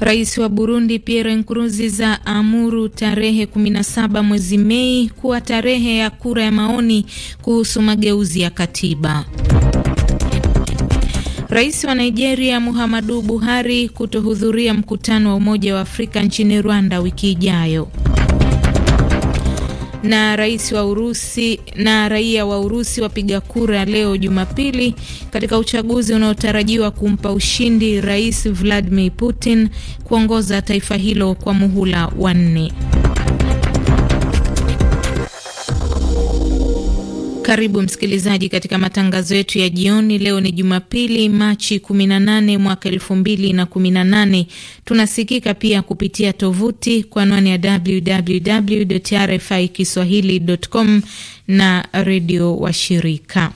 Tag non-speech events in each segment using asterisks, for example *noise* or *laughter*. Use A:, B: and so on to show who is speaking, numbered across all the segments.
A: Rais wa Burundi Pierre Nkurunziza amuru tarehe 17 mwezi Mei kuwa tarehe ya kura ya maoni kuhusu mageuzi ya katiba. Rais wa Nigeria Muhammadu Buhari kutohudhuria mkutano wa Umoja wa Afrika nchini Rwanda wiki ijayo na rais wa Urusi na raia wa Urusi wapiga kura leo Jumapili katika uchaguzi unaotarajiwa kumpa ushindi Rais Vladimir Putin kuongoza taifa hilo kwa muhula wa nne. Karibu msikilizaji katika matangazo yetu ya jioni. Leo ni Jumapili, Machi 18 mwaka 2018. Tunasikika pia kupitia tovuti kwa anwani ya www RFI kiswahili.com na redio washirika.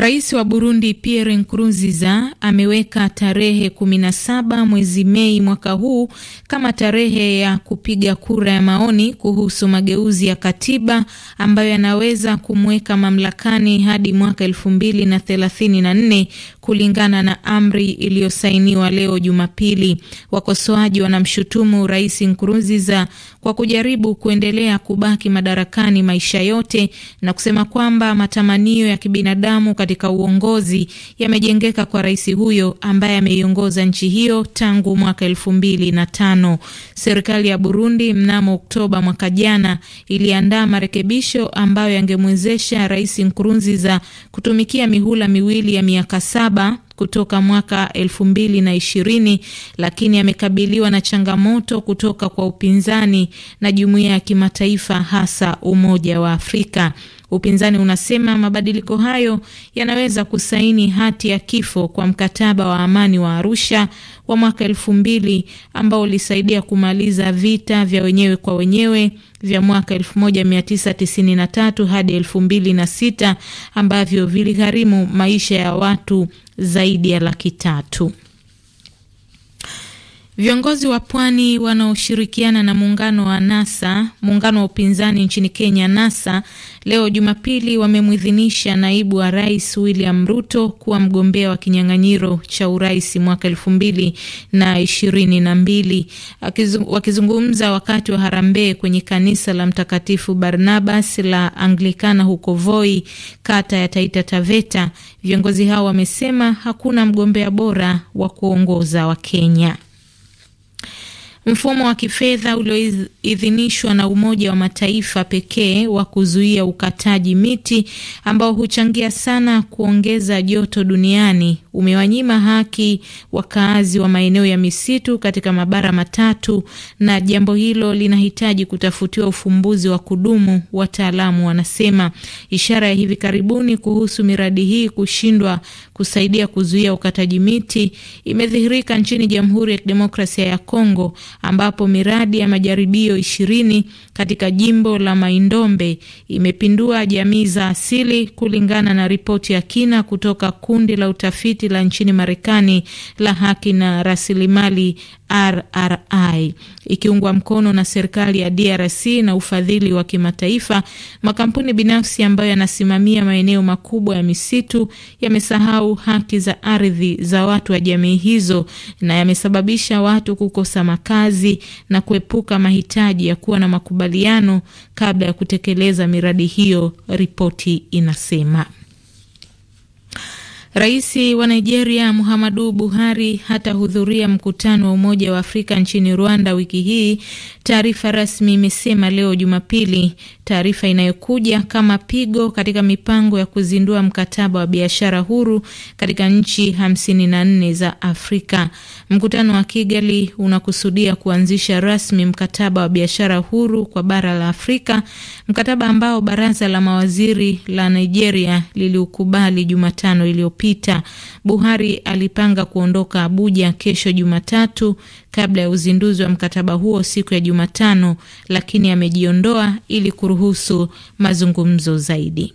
A: Rais wa Burundi Pierre Nkurunziza ameweka tarehe 17 mwezi Mei mwaka huu kama tarehe ya kupiga kura ya maoni kuhusu mageuzi ya katiba ambayo yanaweza kumweka mamlakani hadi mwaka 2034 kulingana na amri iliyosainiwa leo Jumapili. Wakosoaji wanamshutumu Rais Nkurunziza kwa kujaribu kuendelea kubaki madarakani maisha yote na kusema kwamba matamanio ya kibinadamu katika uongozi yamejengeka kwa rais huyo ambaye ameiongoza nchi hiyo tangu mwaka elfu mbili na tano. Serikali ya Burundi mnamo Oktoba mwaka jana iliandaa marekebisho ambayo yangemwezesha Rais Nkurunziza kutumikia mihula miwili ya miaka saba saba kutoka mwaka elfu mbili na ishirini lakini amekabiliwa na changamoto kutoka kwa upinzani na jumuiya ya kimataifa hasa Umoja wa Afrika. Upinzani unasema mabadiliko hayo yanaweza kusaini hati ya kifo kwa mkataba wa amani wa Arusha wa mwaka elfu mbili ambao ulisaidia kumaliza vita vya wenyewe kwa wenyewe vya mwaka tatu hadi sita ambavyo viligharimu maisha ya watu zaidi ya laki tatu. Viongozi wa pwani wanaoshirikiana na muungano wa NASA, muungano wa upinzani nchini Kenya NASA, leo Jumapili wamemwidhinisha naibu wa rais William Ruto kuwa mgombea wa kinyang'anyiro cha urais mwaka elfu mbili na ishirini na mbili. Wakizungumza wakati wa harambee kwenye kanisa la Mtakatifu Barnabas la Anglikana huko Voi, kata ya Taita Taveta, viongozi hao wamesema hakuna mgombea bora wa kuongoza wa Kenya. Mfumo wa kifedha ulioidhinishwa na Umoja wa Mataifa pekee wa kuzuia ukataji miti ambao huchangia sana kuongeza joto duniani umewanyima haki wakaazi wa maeneo ya misitu katika mabara matatu, na jambo hilo linahitaji kutafutiwa ufumbuzi wa kudumu, wataalamu wanasema. Ishara ya hivi karibuni kuhusu miradi hii kushindwa kusaidia kuzuia ukataji miti imedhihirika nchini Jamhuri ya Kidemokrasia ya Kongo ambapo miradi ya majaribio ishirini katika jimbo la Maindombe imepindua jamii za asili, kulingana na ripoti ya kina kutoka kundi la utafiti la nchini Marekani la haki na rasilimali RRI ikiungwa mkono na serikali ya DRC na ufadhili wa kimataifa. Makampuni binafsi ambayo yanasimamia maeneo makubwa ya misitu yamesahau haki za ardhi za watu wa jamii hizo na yamesababisha watu kukosa makazi na kuepuka mahitaji ya kuwa na makubaliano kabla ya kutekeleza miradi hiyo, ripoti inasema. Rais wa Nigeria Muhammadu Buhari hatahudhuria mkutano wa Umoja wa Afrika nchini Rwanda wiki hii, taarifa rasmi imesema leo Jumapili, taarifa inayokuja kama pigo katika mipango ya kuzindua mkataba wa biashara huru katika nchi 54 za Afrika. Mkutano wa Kigali unakusudia kuanzisha rasmi mkataba wa biashara huru kwa bara la Afrika, mkataba ambao baraza la mawaziri la Nigeria liliukubali Jumatano iliyopita iliyopita. Buhari alipanga kuondoka Abuja kesho Jumatatu kabla ya uzinduzi wa mkataba huo siku ya Jumatano, lakini amejiondoa ili kuruhusu mazungumzo zaidi.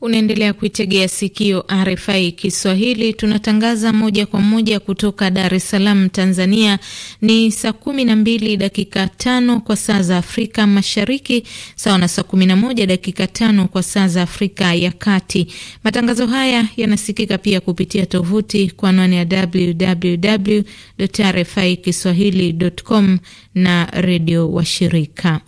A: Unaendelea kuitegea sikio RFI Kiswahili, tunatangaza moja kwa moja kutoka Dar es Salaam, Tanzania. Ni saa kumi na mbili dakika tano kwa saa za Afrika Mashariki, sawa na saa kumi na moja dakika tano kwa saa za Afrika ya Kati. Matangazo haya yanasikika pia kupitia tovuti kwa anwani ya www RFI kiswahili.com na redio washirika.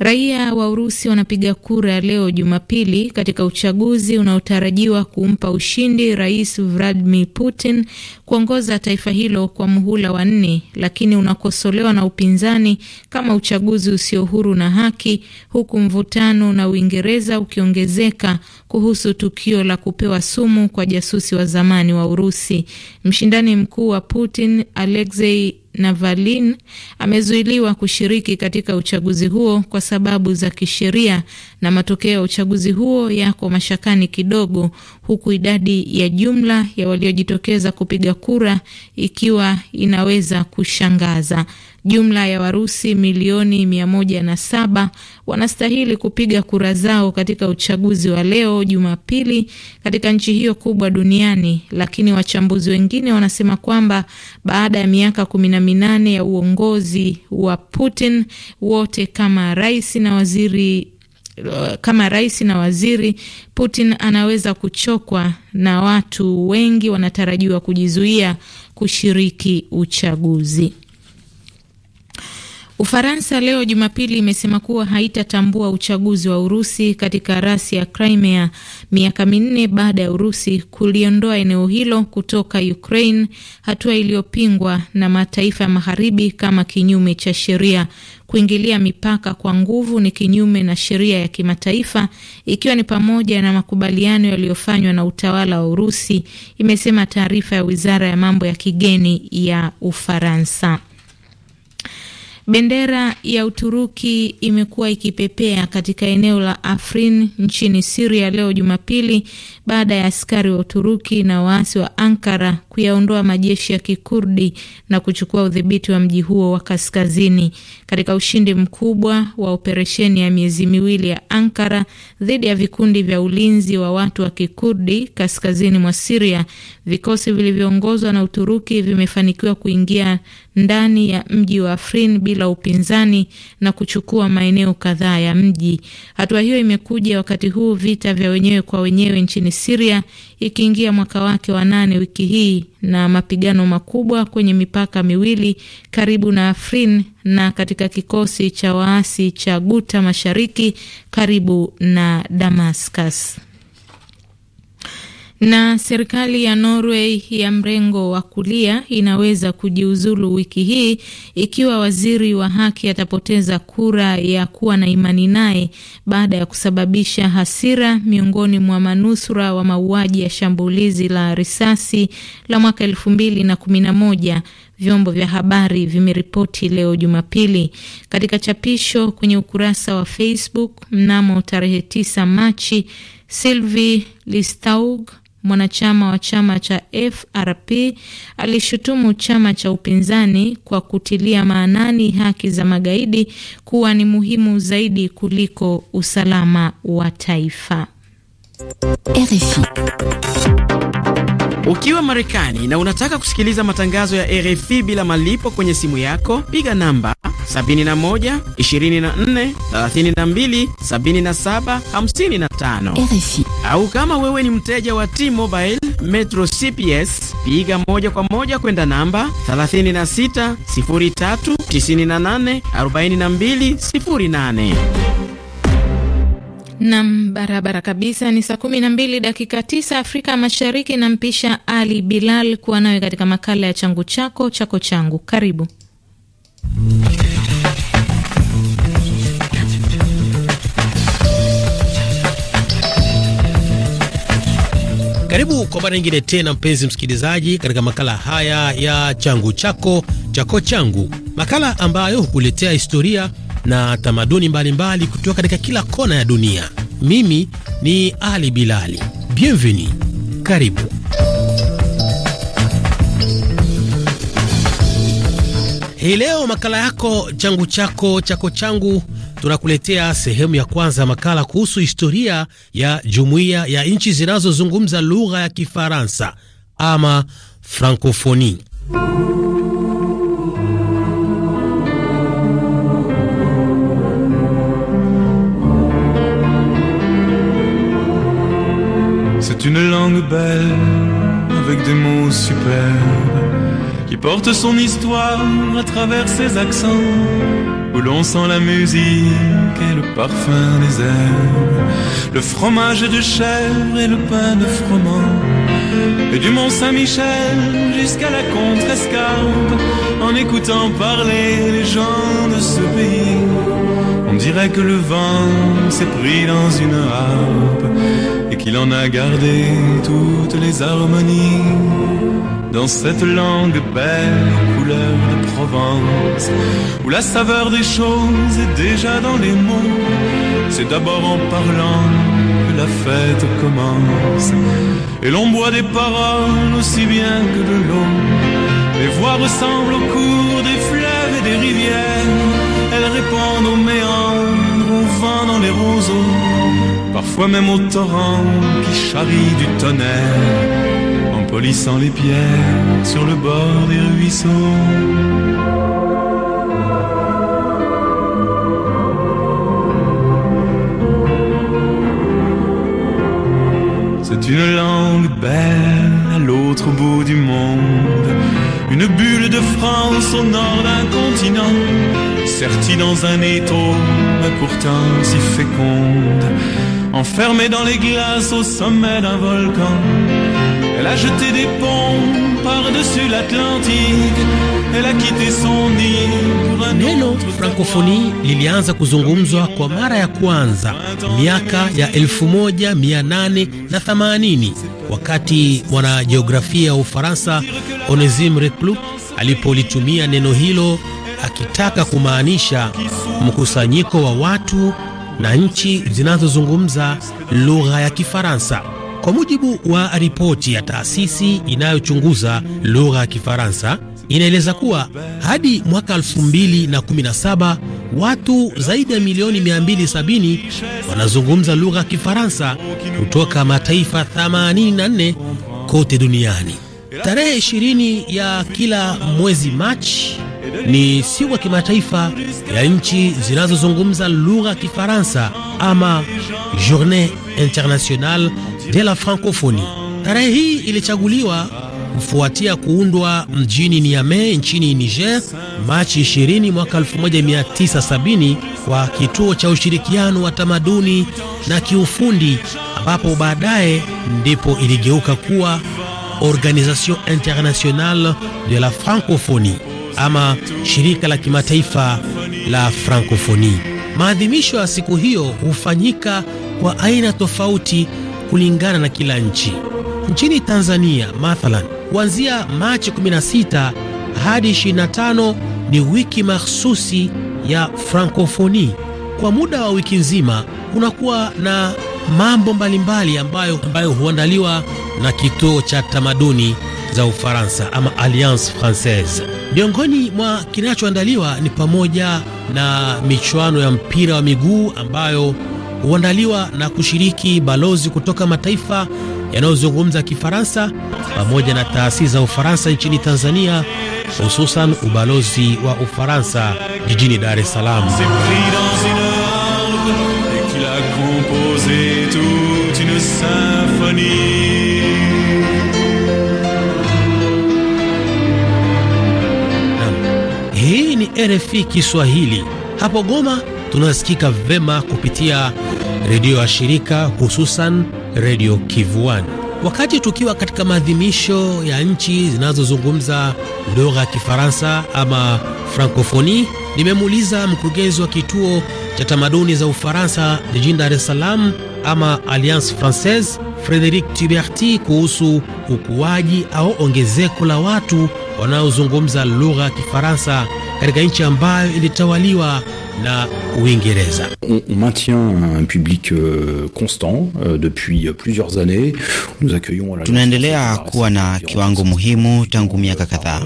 A: Raia wa Urusi wanapiga kura leo Jumapili katika uchaguzi unaotarajiwa kumpa ushindi Rais Vladimir Putin kuongoza taifa hilo kwa muhula wa nne, lakini unakosolewa na upinzani kama uchaguzi usio huru na haki, huku mvutano na Uingereza ukiongezeka kuhusu tukio la kupewa sumu kwa jasusi wa zamani wa Urusi. Mshindani mkuu wa Putin Alexei navalin amezuiliwa kushiriki katika uchaguzi huo kwa sababu za kisheria, na matokeo ya uchaguzi huo yako mashakani kidogo, huku idadi ya jumla ya waliojitokeza kupiga kura ikiwa inaweza kushangaza. Jumla ya Warusi milioni mia moja na saba wanastahili kupiga kura zao katika uchaguzi wa leo Jumapili katika nchi hiyo kubwa duniani, lakini wachambuzi wengine wanasema kwamba baada ya miaka kumi na minane ya uongozi wa Putin, wote kama rais na waziri kama rais na waziri, Putin anaweza kuchokwa na watu wengi wanatarajiwa kujizuia kushiriki uchaguzi. Ufaransa leo Jumapili imesema kuwa haitatambua uchaguzi wa Urusi katika rasi ya Crimea miaka minne baada ya Urusi kuliondoa eneo hilo kutoka Ukraine, hatua iliyopingwa na mataifa ya magharibi kama kinyume cha sheria. Kuingilia mipaka kwa nguvu ni kinyume na sheria ya kimataifa, ikiwa ni pamoja na makubaliano yaliyofanywa na utawala wa Urusi, imesema taarifa ya wizara ya mambo ya kigeni ya Ufaransa. Bendera ya Uturuki imekuwa ikipepea katika eneo la Afrin nchini Siria leo Jumapili baada ya askari wa Uturuki na waasi wa Ankara kuyaondoa majeshi ya Kikurdi na kuchukua udhibiti wa mji huo wa kaskazini katika ushindi mkubwa wa operesheni ya miezi miwili ya Ankara dhidi ya vikundi vya ulinzi wa watu wa Kikurdi kaskazini mwa Siria. Vikosi vilivyoongozwa na Uturuki vimefanikiwa kuingia ndani ya mji wa Afrin bila upinzani na kuchukua maeneo kadhaa ya mji. Hatua hiyo imekuja wakati huu vita vya wenyewe kwa wenyewe nchini Siria ikiingia mwaka wake wa nane wiki hii na mapigano makubwa kwenye mipaka miwili karibu na Afrin na katika kikosi cha waasi cha Guta Mashariki karibu na Damascus. Na serikali ya Norway ya mrengo wa kulia inaweza kujiuzulu wiki hii ikiwa waziri wa haki atapoteza kura ya kuwa na imani naye baada ya kusababisha hasira miongoni mwa manusura wa mauaji ya shambulizi la risasi la mwaka elfu mbili na kumi na moja vyombo vya habari vimeripoti leo Jumapili. Katika chapisho kwenye ukurasa wa Facebook mnamo tarehe 9 Machi, Sylvie Listaug mwanachama wa chama cha FRP alishutumu chama cha upinzani kwa kutilia maanani haki za magaidi kuwa ni muhimu zaidi kuliko usalama wa taifa. RFI.
B: Ukiwa Marekani na unataka kusikiliza matangazo ya RFI bila malipo kwenye simu yako, piga namba 71 24 32 77 55. RFI au kama wewe ni mteja wa T-Mobile Metro CPS, piga moja kwa moja kwenda namba 36 03 98 42 08.
A: Nam, barabara kabisa. Ni saa 12 dakika tisa Afrika Mashariki. Nampisha Ali Bilal kuwa nawe katika makala ya changu chako chako changu. Karibu
C: Karibu kwa mara nyingine tena, mpenzi msikilizaji, katika makala haya ya changu chako chako changu, makala ambayo hukuletea historia na tamaduni mbalimbali kutoka katika kila kona ya dunia. Mimi ni Ali Bilali. bienveni, karibu. Hii leo makala yako changu chako chako changu tunakuletea sehemu ya kwanza ya makala kuhusu historia ya jumuiya ya nchi zinazozungumza lugha ya Kifaransa ama Frankofoni.
D: C'est une langue belle avec des mots superbes qui porte son histoire à travers ses accents, où l'on sent la musique et le parfum des airs, le fromage de chèvre et le pain de froment, et du Mont Saint-Michel jusqu'à la contrescarpe, en écoutant parler les gens de ce pays. On dirait que le vent s'est pris dans une harpe et qu'il en a gardé toutes les harmonies dans cette langue belle couleur de Provence, où la saveur des choses est déjà dans les mots. C'est d'abord en parlant que la fête commence, et l'on boit des paroles aussi bien que de l'eau. Les voix ressemblent au cours des fleuves et des rivières, elles répondent aux méandres, au vent dans les roseaux, parfois même au torrent qui charrie du tonnerre polissant les pierres sur le bord des ruisseaux. C'est une langue belle à l'autre bout du monde, une bulle de France au nord d'un continent, sertie dans un étau, mais pourtant si féconde. enfermée dans les glaces au sommet d'un volcan. Elle a jeté des ponts par-dessus l'Atlantique.
C: Elle a quitté son nid pour un Neno francophonie, lilianza kuzungumzwa kwa mara ya kwanza miaka ya 1880 wakati mwanajiografia wa Ufaransa Onesime Reclus alipolitumia neno hilo akitaka kumaanisha mkusanyiko wa watu na nchi zinazozungumza lugha ya Kifaransa. Kwa mujibu wa ripoti ya taasisi inayochunguza lugha ya Kifaransa, inaeleza kuwa hadi mwaka 2017 watu zaidi ya milioni 270 wanazungumza lugha ya Kifaransa kutoka mataifa 84 kote duniani. Tarehe 20 ya kila mwezi Machi ni siku ya kimataifa ya nchi zinazozungumza lugha ya Kifaransa ama Journée Internationale de la Francophonie. Tarehe hii ilichaguliwa kufuatia kuundwa mjini Niamey nchini Niger Machi 20 mwaka 1970 kwa kituo cha ushirikiano wa tamaduni na kiufundi, ambapo baadaye ndipo iligeuka kuwa Organisation Internationale de la Francophonie ama shirika la kimataifa la Frankofoni. Maadhimisho ya siku hiyo hufanyika kwa aina tofauti kulingana na kila nchi. Nchini Tanzania mathalan, kuanzia Machi 16 hadi 25 ni wiki mahsusi ya Frankofoni. Kwa muda wa wiki nzima kunakuwa na mambo mbalimbali ambayo, ambayo huandaliwa na kituo cha tamaduni za Ufaransa ama Alliance Francaise. Miongoni mwa kinachoandaliwa ni pamoja na michuano ya mpira wa miguu ambayo huandaliwa na kushiriki balozi kutoka mataifa yanayozungumza Kifaransa pamoja na taasisi za Ufaransa nchini Tanzania, hususan ubalozi wa Ufaransa jijini Dar es Salaam. RFI Kiswahili. Hapo Goma tunasikika vema kupitia redio ya shirika hususan redio Kivuani. Wakati tukiwa katika maadhimisho ya nchi zinazozungumza lugha ya Kifaransa ama Frankofoni, nimemuuliza mkurugenzi wa kituo cha tamaduni za Ufaransa jijini Dar es Salaam ama Alliance Francaise Frederic Tuberti kuhusu ukuaji au ongezeko la watu wanaozungumza lugha ya Kifaransa katika nchi ambayo ilitawaliwa na Uingereza. On, on
E: maintient un public uh, constant uh, depuis plusieurs années. Nous accueillons
F: la
B: tunaendelea kuwa na kiwango muhimu tangu miaka euh, kadhaa.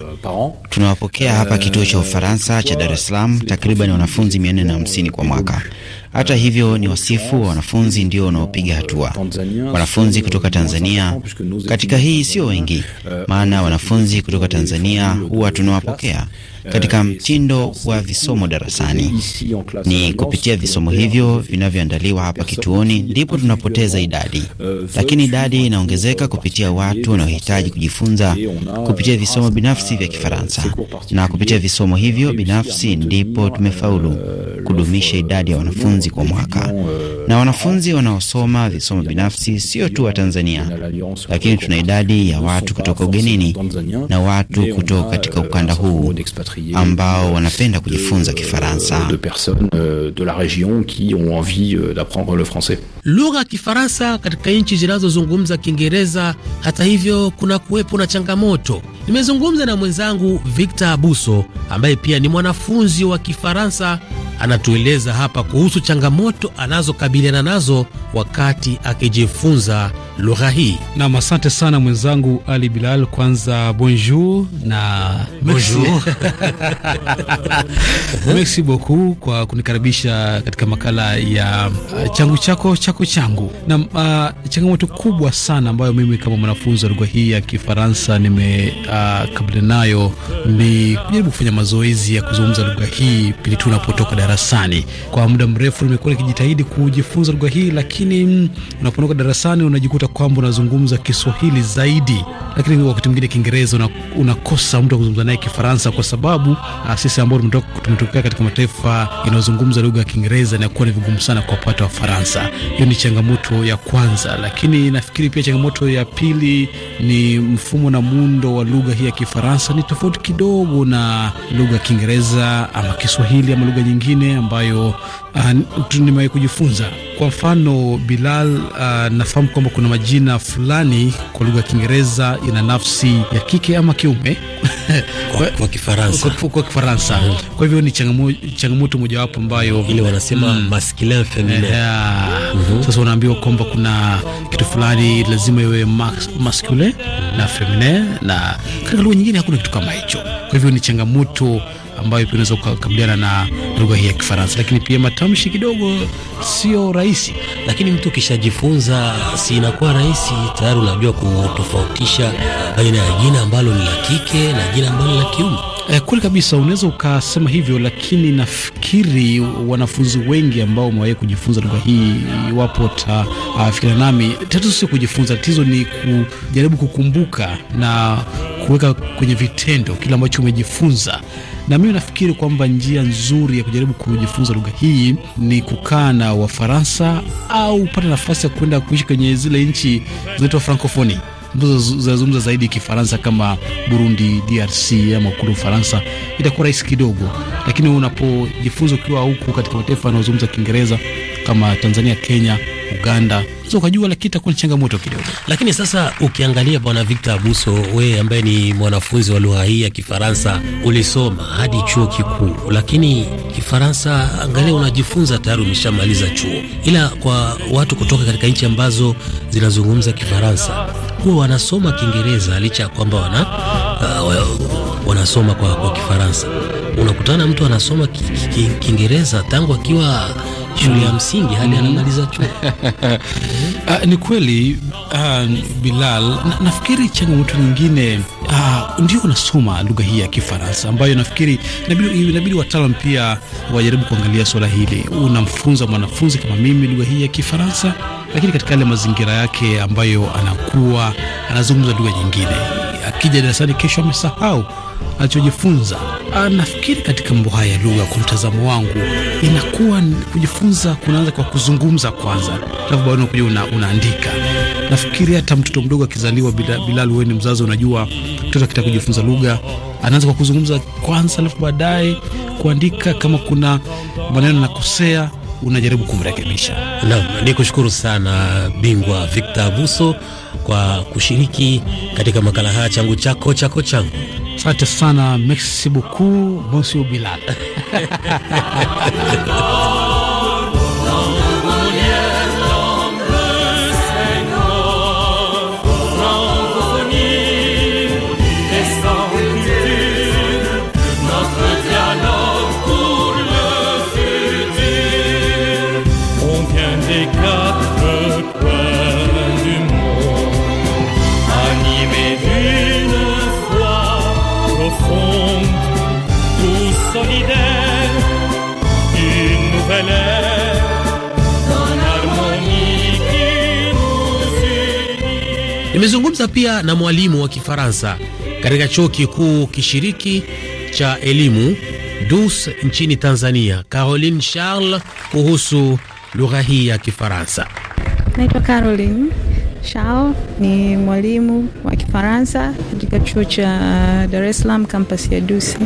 B: Tunawapokea hapa kituo cha Ufaransa cha Dar es Salaam takriban wanafunzi 450 kwa mwaka. Hata hivyo, ni wasifu wa wanafunzi ndio wanaopiga hatua. Wanafunzi kutoka Tanzania katika hii sio wengi, maana wanafunzi kutoka Tanzania huwa tunawapokea katika mtindo wa visomo darasani.
A: Ni kupitia visomo hivyo
B: vinavyoandaliwa hapa kituoni ndipo tunapoteza idadi, lakini idadi inaongezeka kupitia watu wanaohitaji kujifunza kupitia visomo binafsi vya Kifaransa, na kupitia visomo hivyo binafsi ndipo tumefaulu kudumisha idadi ya wanafunzi kwa mwaka. Na wanafunzi wanaosoma visomo binafsi sio tu wa Tanzania,
E: lakini tuna idadi ya watu kutoka ugenini na watu kutoka katika ukanda huu ambao wanapenda kujifunza Kifaransa.
C: Lugha ya Kifaransa katika nchi zinazozungumza Kiingereza, hata hivyo, kuna kuwepo na changamoto. Nimezungumza na mwenzangu Victor Abuso ambaye pia ni mwanafunzi wa Kifaransa, anatueleza hapa kuhusu changamoto anazokabiliana nazo wakati akijifunza lugha hii. Nam,
E: asante sana mwenzangu Ali Bilal. Kwanza bonjour na bonjour, *laughs* merci beaucoup kwa kunikaribisha katika makala ya uh, changu chako chako changu. Nam, uh, changamoto kubwa sana ambayo mimi kama mwanafunzi wa lugha hii ya Kifaransa nimekabiliana uh, nayo ni kujaribu kufanya mazoezi ya kuzungumza lugha hii pindi tu unapotoka darasani. Kwa muda mrefu nimekuwa nikijitahidi kujifunza lugha hii, lakini mm, unapotoka darasani unajikuta kwamba unazungumza Kiswahili zaidi, lakini wakati mwingine Kiingereza unakosa una mtu kuzungumza naye Kifaransa, kwa sababu ah, sisi ambao tumetokea katika mataifa yanayozungumza lugha ya Kiingereza inakuwa ni vigumu sana kuwapata Wafaransa. Hiyo ni changamoto ya kwanza, lakini nafikiri pia changamoto ya pili ni mfumo na muundo wa lugha hii ya Kifaransa ni tofauti kidogo na lugha ya Kiingereza ama Kiswahili ama lugha nyingine ambayo uh, nimewahi kujifunza. Kwa mfano Bilal, uh, nafahamu kwamba kuna majina fulani kwa lugha ya Kiingereza ina nafsi ya kike ama kiume kwa, kwa Kifaransa, kwa, kwa, Kifaransa. Mm. Kwa hivyo ni changamoto mojawapo ambayo ile wanasema mm, masculine feminine yeah. mm -hmm. Sasa unaambiwa kwamba kuna kitu fulani lazima iwe masculine na feminine, na katika lugha nyingine hakuna kitu kama hicho, kwa hivyo ni changamoto ambayo pia unaweza kukabiliana na lugha hii ya Kifaransa, lakini pia matamshi kidogo
C: sio rahisi, lakini mtu ukishajifunza, si inakuwa rahisi tayari, unajua kutofautisha baina ya jina ambalo ni la kike na jina ambalo ni la kiume. E, kweli
E: kabisa unaweza ukasema hivyo, lakini nafikiri wanafunzi wengi ambao wamewahi kujifunza lugha hii, iwapo tafikira nami, tatizo sio kujifunza, tatizo ni kujaribu kukumbuka na kuweka kwenye vitendo kile ambacho umejifunza na mimi nafikiri kwamba njia nzuri ya kujaribu kujifunza lugha hii ni kukaa na Wafaransa au upate nafasi ya kwenda kuishi kwenye zile nchi zinaitwa frankofoni ambazo zinazungumza zaidi Kifaransa kama Burundi, DRC ama kule Ufaransa, itakuwa rahisi kidogo, lakini unapojifunza ukiwa huku katika mataifa yanayozungumza Kiingereza
C: kama Tanzania, Kenya, Uganda so ukajua, lakini itakuwa ni changamoto kidogo. Lakini sasa ukiangalia, bwana Victor Abuso, we ambaye ni mwanafunzi wa lugha hii ya Kifaransa, ulisoma hadi chuo kikuu, lakini Kifaransa angalia unajifunza tayari, umeshamaliza chuo, ila kwa watu kutoka katika nchi ambazo zinazungumza Kifaransa kuwa wanasoma Kiingereza licha ya kwamba wana, uh, wanasoma kwa, kwa Kifaransa. Unakutana mtu anasoma Kiingereza ki, ki, tangu akiwa shule ya msingi hadi mm-hmm. anamaliza chuo. *laughs* Uh, ni kweli uh, Bilal
E: na, nafikiri changamoto nyingine uh, ndio unasoma lugha hii ya Kifaransa ambayo nafikiri inabidi inabidi pia wajaribu kuangalia swala hili. Unamfunza mwanafunzi kama mimi lugha hii ya Kifaransa lakini katika yale mazingira yake ambayo anakuwa anazungumza lugha nyingine, akija darasani kesho amesahau alichojifunza. Nafikiri katika mambo haya ya lugha, kwa mtazamo wangu, inakuwa kujifunza kunaanza kwa kuzungumza kwanza, alafu baadaye unakuja una, unaandika. Nafikiri hata mtoto mdogo akizaliwa, Bilal, wewe ni mzazi, unajua mtoto akitaka kujifunza lugha anaanza kwa kuzungumza kwanza, alafu baadaye kuandika. Kama kuna maneno nakosea
C: unajaribu kumrekebisha. Naam, ni kushukuru sana bingwa Victor Abuso kwa kushiriki katika makala haya changu chako chako changu. Asante sana, merci beaucoup bonsoir Bilal. *laughs*
G: solidaire, une nouvelle ère
C: Nimezungumza pia na mwalimu wa Kifaransa katika chuo kikuu kishiriki cha elimu DUS nchini Tanzania, Caroline Charles kuhusu lugha hii ya Kifaransa.
H: Naitwa Caroline Charles, ni mwalimu wa Kifaransa katika chuo cha Dar es Salaam kampasi ya DUS.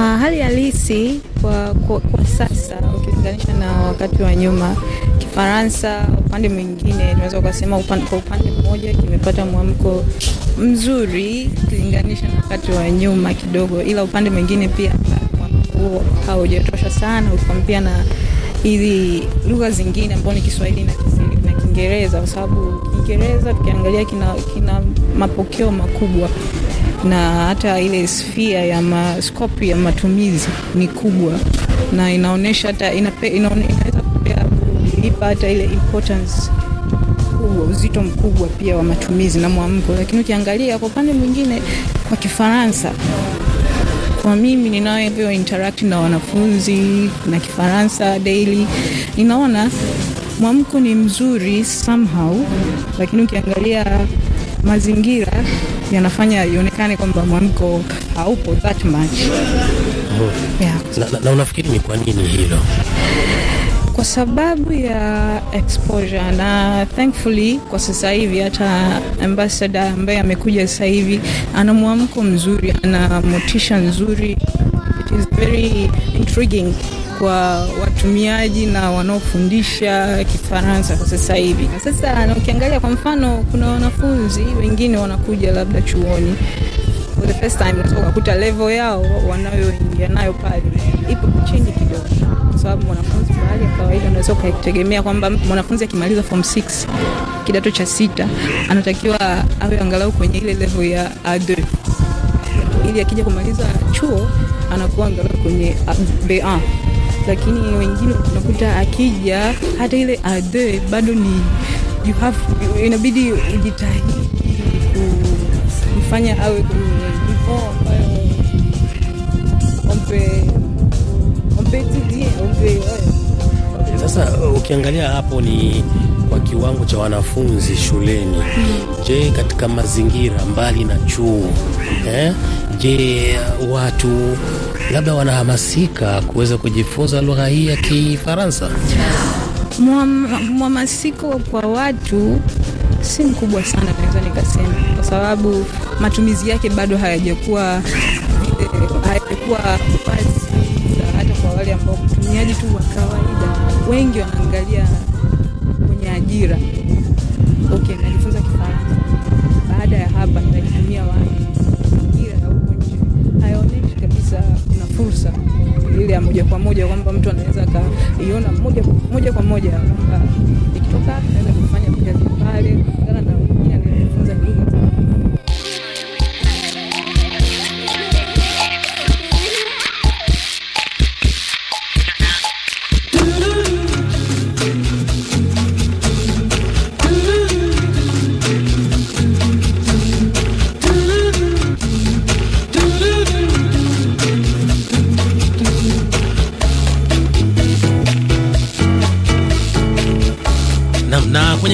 H: Ah, hali halisi kwa, kwa, kwa sasa ukilinganisha na wakati wa nyuma, Kifaransa upande mwingine tunaweza ukasema upan, kwa upande mmoja kimepata mwamko mzuri ukilinganisha na wakati wa nyuma kidogo, ila upande mwingine pia mwamko huo haujatosha sana ukampia na hizi lugha zingine ambao ni Kiswahili na Kiingereza, kwa sababu Kiingereza tukiangalia kina, kina mapokeo makubwa na hata ile sfia ya ma, ya matumizi ni kubwa, na inaonyesha hata inaweza kupea ipa hata ile importance kubwa, uzito mkubwa pia wa matumizi na mwamko. Lakini ukiangalia kwa upande mwingine kwa Kifaransa kwa mimi ninavyo interact na wanafunzi na Kifaransa daily, ninaona mwamko ni mzuri somehow, lakini ukiangalia mazingira yanafanya ionekane kwamba mwamko haupo that much.
C: Oh. Yeah. Na, na, na unafikiri ni kwa nini hilo?
H: Kwa sababu ya exposure na thankfully kwa sasa hivi hata ambassador ambaye amekuja sasa hivi ana mwamko mzuri, ana motisha nzuri. It is very intriguing kwa watumiaji na wanaofundisha Kifaransa kwa sasa hivi. Sasa na ukiangalia kwa mfano, kuna wanafunzi wengine wanakuja labda chuoni for the first time, ukakuta level yao wanayoingia nayo pale ipo chini kidogo sababu mwanafunzi kwa hali ya kawaida unaweza ukategemea kwamba mwanafunzi akimaliza form 6 kidato cha sita anatakiwa awe angalau kwenye ile level ya A2 ili akija kumaliza chuo anakuwa angalau kwenye B1 lakini wengine unakuta akija hata ile ade bado ni you have, inabidi ujitahidi kufanya awe ambayo
C: sasa ukiangalia hapo ni kwa kiwango cha wanafunzi shuleni. Je, katika mazingira mbali na chuo eh? Je, watu labda wanahamasika kuweza kujifunza lugha hii ya Kifaransa?
H: Mhamasiko kwa watu si mkubwa sana, naweza nikasema, kwa sababu matumizi yake bado hayajakuwa eh, hayajakuwa wazi hata kwa wale ambao mtumiaji tu wa kawaida. Wengi wanaangalia kwenye ajira okay. fursa ile ya moja kwa moja kwamba mtu anaweza akaiona moja moja kwa moja ah, ikitoka, anaweza kufanya kazi pale kulingana na mwingine anayejifunza kilimo.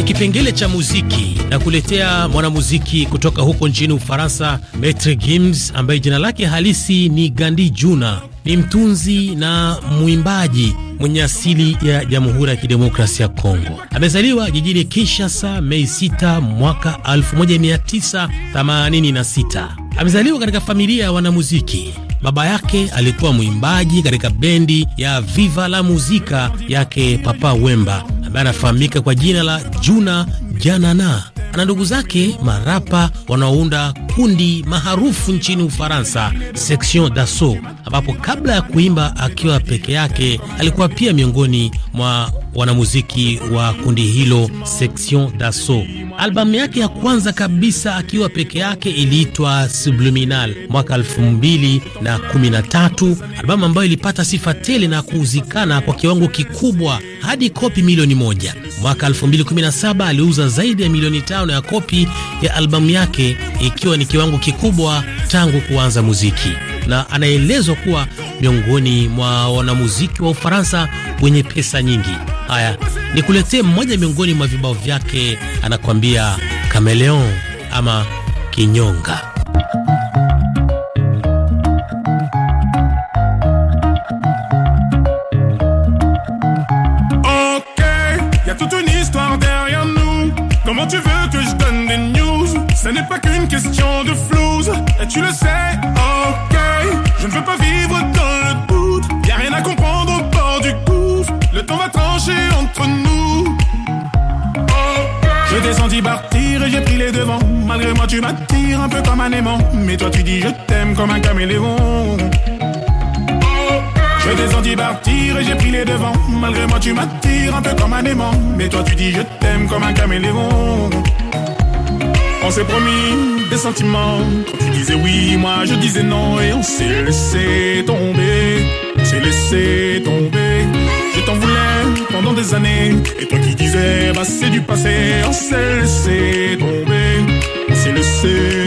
C: kipengele cha muziki na kuletea mwanamuziki kutoka huko nchini Ufaransa, Maitre Gims ambaye jina lake halisi ni Gandi Juna. Ni mtunzi na mwimbaji mwenye asili ya Jamhuri ya Kidemokrasi ya Kongo. Amezaliwa jijini Kinshasa Mei 6 mwaka 1986. Amezaliwa katika familia ya wanamuziki. Baba yake alikuwa mwimbaji katika bendi ya Viva la Muzika yake Papa Wemba ambaye anafahamika kwa jina la Juna Janana ana ndugu zake marapa wanaounda kundi maarufu nchini Ufaransa, Section d'Assaut, ambapo kabla ya kuimba akiwa peke yake alikuwa pia miongoni mwa wanamuziki wa kundi hilo Section dasso Albamu yake ya kwanza kabisa akiwa peke yake iliitwa Subliminal mwaka 2013, albamu ambayo ilipata sifa tele na kuuzikana kwa kiwango kikubwa hadi kopi milioni moja. Mwaka 2017 aliuza zaidi ya milioni tano ya kopi ya albamu yake, ikiwa ni kiwango kikubwa tangu kuanza muziki na anaelezwa kuwa miongoni mwa wanamuziki wa Ufaransa wenye pesa nyingi. Haya, nikuletee mmoja miongoni mwa vibao vyake, anakuambia Kameleon ama Kinyonga.
I: Ce n'est pas qu'une question de flou. nous. Oh. Je t'ai partir et j'ai pris les devants. Malgré moi, tu m'attires un peu comme un aimant. Mais toi, tu dis je t'aime comme un caméléon. Oh. Je t'ai partir et j'ai pris les devants. Malgré moi, tu m'attires un peu comme un aimant. Mais toi, tu dis je t'aime comme un caméléon. On s'est promis des sentiments. Quand tu disais oui, moi je disais non. Et on s'est laissé tomber. On s'est laissé tomber. Je t'en voulais pendant des années. Et toi qui disais, bah c'est du passé. On s'est laissé tomber. On s'est laissé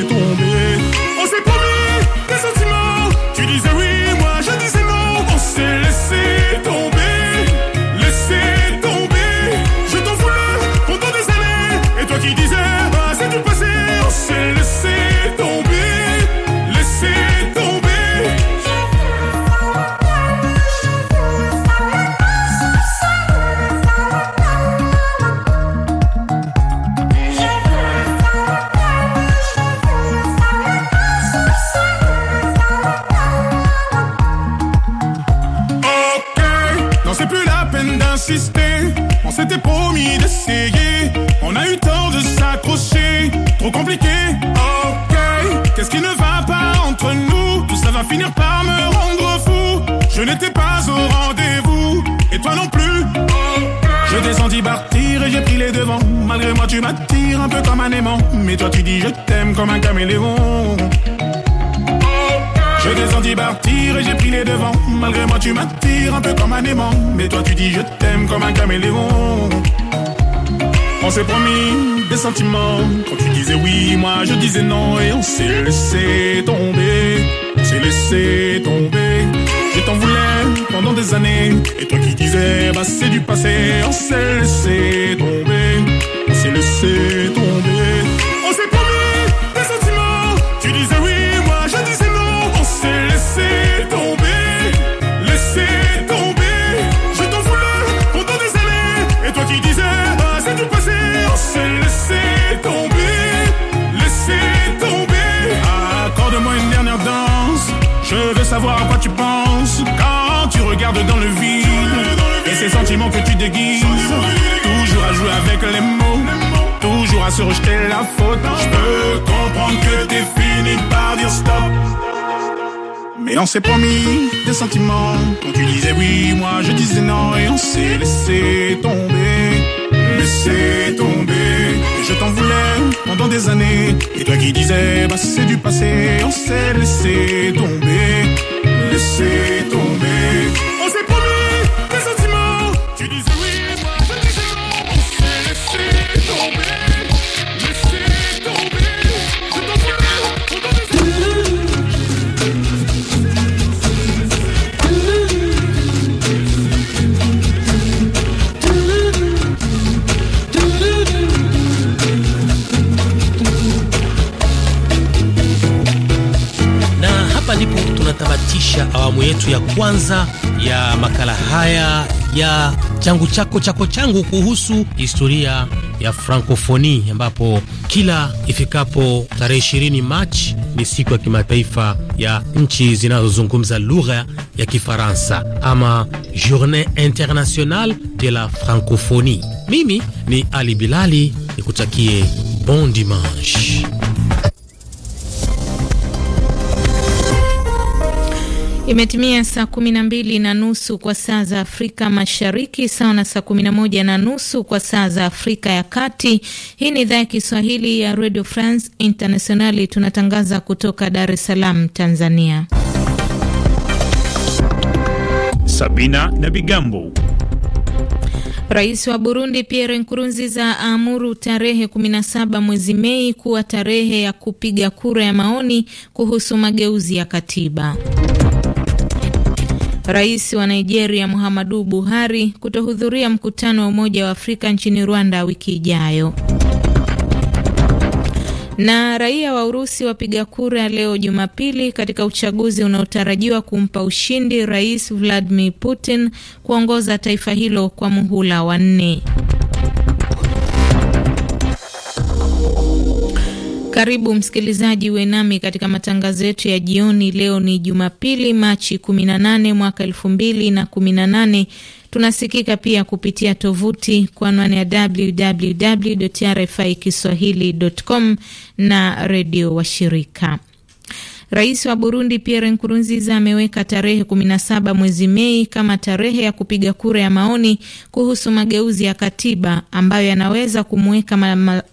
I: Je n'étais pas au rendez-vous, et toi non plus. Je descendis partir et j'ai pris les devants. Malgré moi, tu m'attires un peu comme un aimant. Mais toi, tu dis je t'aime comme un caméléon. Je descendis partir et j'ai pris les devants. Malgré moi, tu m'attires un peu comme un aimant. Mais toi, tu dis je t'aime comme un caméléon. On s'est promis des sentiments. Quand tu disais oui, moi je disais non. Et on s'est laissé tomber j'ai laissé tomber. Je t'en voulais pendant des années, et toi qui disais, bah c'est du passé, on s'est laissé tomber, on s'est laissé tomber. On s'est promis des sentiments, tu disais oui, moi je disais non, on s'est laissé tomber, laissé tomber. Je t'en voulais pendant des années, et toi qui disais, bah c'est du passé, on s'est laissé tomber. Je veux savoir à quoi tu penses quand tu regardes dans le vide. Et ces sentiments que tu déguises. Toujours à jouer avec les mots. Toujours à se rejeter la faute. Je peux comprendre que t'es fini par dire stop. Mais on s'est promis des sentiments. Quand tu disais oui, moi je disais non. Et on s'est laissé tomber, laissé tomber. Je t'en voulais pendant des années. Et toi qui disais, bah c'est du passé, on s'est laissé tomber. Laissé tomber.
C: kwanza ya makala haya ya changu chako chako changu kuhusu historia ya Frankofoni, ambapo kila ifikapo tarehe ishirini Machi ni siku ya kimataifa ya nchi zinazozungumza lugha ya Kifaransa ama Journée Internationale de la Francophonie. Mimi ni Ali Bilali nikutakie bon
G: dimanche.
A: Imetimia saa kumi na mbili na nusu kwa saa za Afrika Mashariki, sawa na saa kumi na moja na nusu kwa saa za Afrika ya Kati. Hii ni idhaa ya Kiswahili ya Radio France Internationali, tunatangaza kutoka Dar es Salaam, Tanzania.
J: Sabina na Bigambo.
A: Rais wa Burundi Pierre Nkurunziza aamuru tarehe 17 mwezi Mei kuwa tarehe ya kupiga kura ya maoni kuhusu mageuzi ya katiba. Rais wa Nigeria Muhammadu Buhari kutohudhuria mkutano wa Umoja wa Afrika nchini Rwanda wiki ijayo. Na raia wa Urusi wapiga kura leo Jumapili katika uchaguzi unaotarajiwa kumpa ushindi Rais Vladimir Putin kuongoza taifa hilo kwa muhula wa nne. Karibu msikilizaji, uwe nami katika matangazo yetu ya jioni. Leo ni Jumapili, Machi 18 mwaka 2018. Tunasikika pia kupitia tovuti kwa anwani ya www RFI kiswahili.com na redio washirika Rais wa Burundi Pierre Nkurunziza ameweka tarehe 17 mwezi Mei kama tarehe ya kupiga kura ya maoni kuhusu mageuzi ya katiba ambayo yanaweza kumweka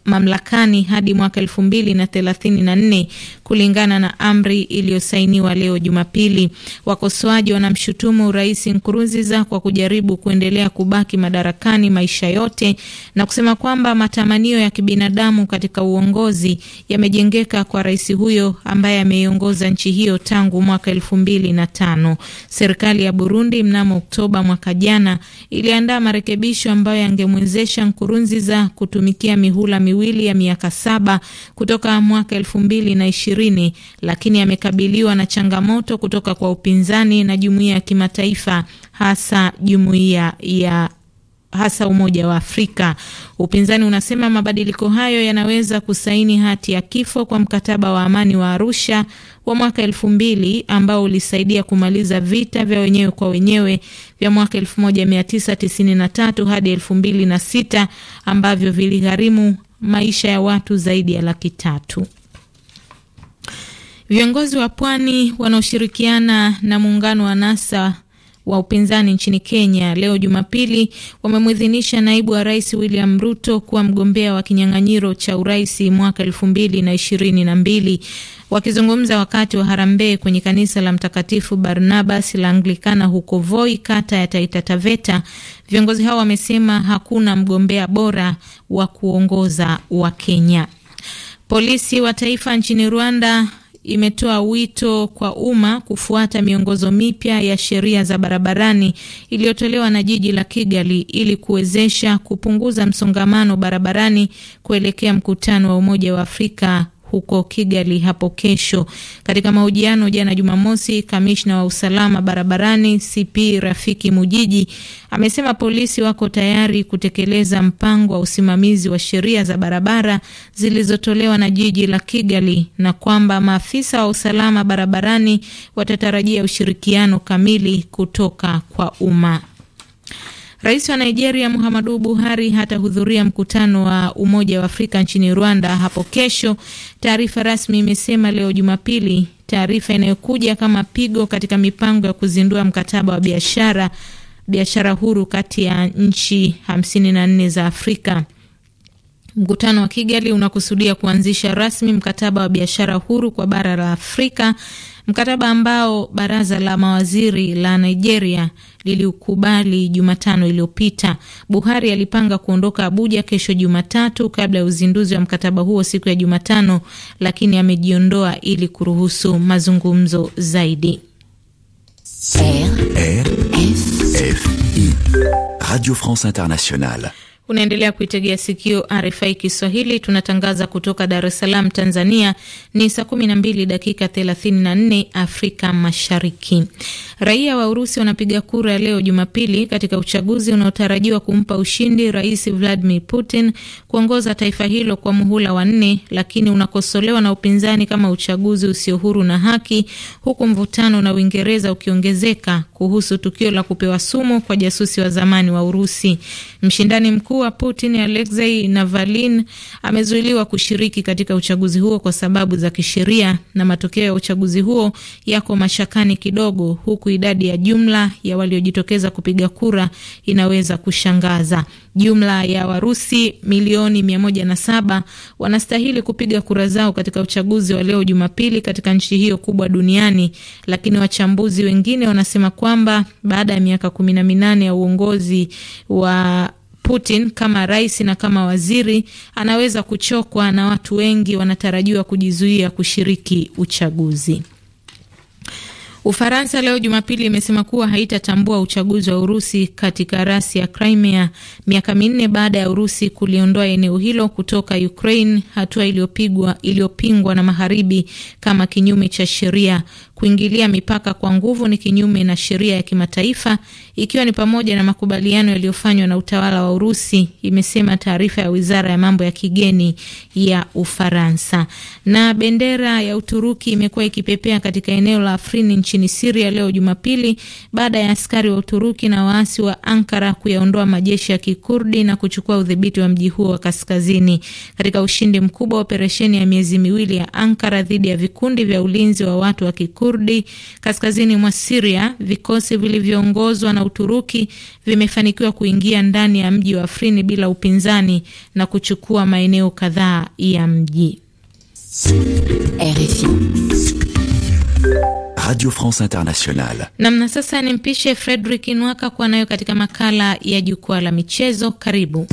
A: mamlakani hadi mwaka 2034 kulingana na amri iliyosainiwa leo Jumapili. Wakosoaji wanamshutumu Rais Nkurunziza kwa kujaribu kuendelea kubaki madarakani maisha yote na kusema kwamba matamanio ya kibinadamu katika uongozi yamejengeka kwa rais huyo ambaye ameiongoza nchi hiyo tangu mwaka elfu mbili na tano. Serikali ya Burundi mnamo Oktoba mwaka jana iliandaa marekebisho ambayo yangemwezesha Nkurunziza kutumikia mihula miwili ya miaka saba kutoka mwaka elfu mbili na ishirini ishirini lakini amekabiliwa na changamoto kutoka kwa upinzani na jumuiya ya kimataifa hasa jumuiya ya hasa Umoja wa Afrika. Upinzani unasema mabadiliko hayo yanaweza kusaini hati ya kifo kwa mkataba wa amani wa Arusha wa mwaka elfu mbili ambao ulisaidia kumaliza vita vya wenyewe kwa wenyewe vya mwaka tatu hadi sita ambavyo viligharimu maisha ya watu zaidi ya laki tatu. Viongozi wa pwani wanaoshirikiana na muungano wa NASA wa upinzani nchini Kenya leo Jumapili wamemwidhinisha naibu wa rais William Ruto kuwa mgombea wa kinyang'anyiro cha urais mwaka elfu mbili na ishirini na mbili. Wakizungumza wakati wa harambee kwenye kanisa la Mtakatifu Barnabas la Anglikana huko Voi, kata ya Taita Taveta, viongozi hao wamesema hakuna mgombea bora wa kuongoza wa Kenya. Polisi wa taifa nchini Rwanda imetoa wito kwa umma kufuata miongozo mipya ya sheria za barabarani iliyotolewa na jiji la Kigali ili kuwezesha kupunguza msongamano barabarani kuelekea mkutano wa Umoja wa Afrika huko Kigali hapo kesho. Katika mahojiano jana Jumamosi, kamishna wa usalama barabarani CP Rafiki Mujiji amesema polisi wako tayari kutekeleza mpango wa usimamizi wa sheria za barabara zilizotolewa na jiji la Kigali na kwamba maafisa wa usalama barabarani watatarajia ushirikiano kamili kutoka kwa umma. Rais wa Nigeria Muhammadu Buhari hatahudhuria mkutano wa Umoja wa Afrika nchini Rwanda hapo kesho, taarifa rasmi imesema leo Jumapili, taarifa inayokuja kama pigo katika mipango ya kuzindua mkataba wa biashara biashara huru kati ya nchi hamsini nne za Afrika. Mkutano wa Kigali unakusudia kuanzisha rasmi mkataba wa biashara huru kwa bara la Afrika, mkataba ambao baraza la mawaziri la Nigeria liliukubali Jumatano iliyopita. Buhari alipanga kuondoka Abuja kesho Jumatatu kabla ya uzinduzi wa mkataba huo siku ya Jumatano, lakini amejiondoa ili kuruhusu mazungumzo zaidi.
G: Radio
D: France Internationale.
A: Unaendelea kuitegea sikio RFI Kiswahili, tunatangaza kutoka Dar es Salaam, Tanzania. Ni saa mbili dakika 34 Afrika Mashariki. Raia wa Urusi wanapiga kura leo Jumapili katika uchaguzi unaotarajiwa kumpa ushindi Rais Vladimir Putin kuongoza taifa hilo kwa muhula wa nne, lakini unakosolewa na upinzani kama uchaguzi usio huru na haki, huku mvutano na Uingereza ukiongezeka kuhusu tukio la kupewa sumu kwa jasusi wa zamani wa Urusi. Mshindani mkuu mkuu wa Putin Alexei Navalny amezuiliwa kushiriki katika uchaguzi huo kwa sababu za kisheria, na matokeo ya uchaguzi huo yako mashakani kidogo, huku idadi ya jumla ya waliojitokeza kupiga kura inaweza kushangaza. Jumla ya Warusi milioni saba wanastahili kupiga kura zao katika uchaguzi wa leo Jumapili katika nchi hiyo kubwa duniani, lakini wachambuzi wengine wanasema kwamba baada ya miaka kumi na minane ya uongozi wa Putin kama rais na kama waziri anaweza kuchokwa na watu wengi wanatarajiwa kujizuia kushiriki uchaguzi. Ufaransa leo Jumapili imesema kuwa haitatambua uchaguzi wa Urusi katika rasi ya Crimea miaka minne baada ya Urusi kuliondoa eneo hilo kutoka Ukraine, hatua iliyopigwa iliyopingwa na magharibi kama kinyume cha sheria Kuingilia mipaka kwa nguvu ni kinyume na sheria ya kimataifa, ikiwa ni pamoja na makubaliano yaliyofanywa na utawala wa Urusi, imesema taarifa ya wizara ya mambo ya kigeni ya Ufaransa. Na bendera ya Uturuki imekuwa ikipepea katika eneo la Afrini nchini Siria leo Jumapili baada ya askari wa Uturuki na waasi wa Ankara kuyaondoa majeshi ya Kikurdi na kuchukua udhibiti wa mji huo wa kaskazini katika ushindi mkubwa wa operesheni ya miezi miwili ya Ankara dhidi ya vikundi vya ulinzi wa watu wa Kikurdi Kurdi kaskazini mwa Siria, vikosi vilivyoongozwa na Uturuki vimefanikiwa kuingia ndani ya mji wa Afrini bila upinzani na kuchukua maeneo kadhaa ya mji. RFI
D: Radio France Internationale.
A: Namna sasa nimpishe kuwa nayo katika makala ya jukwaa la michezo. Karibu.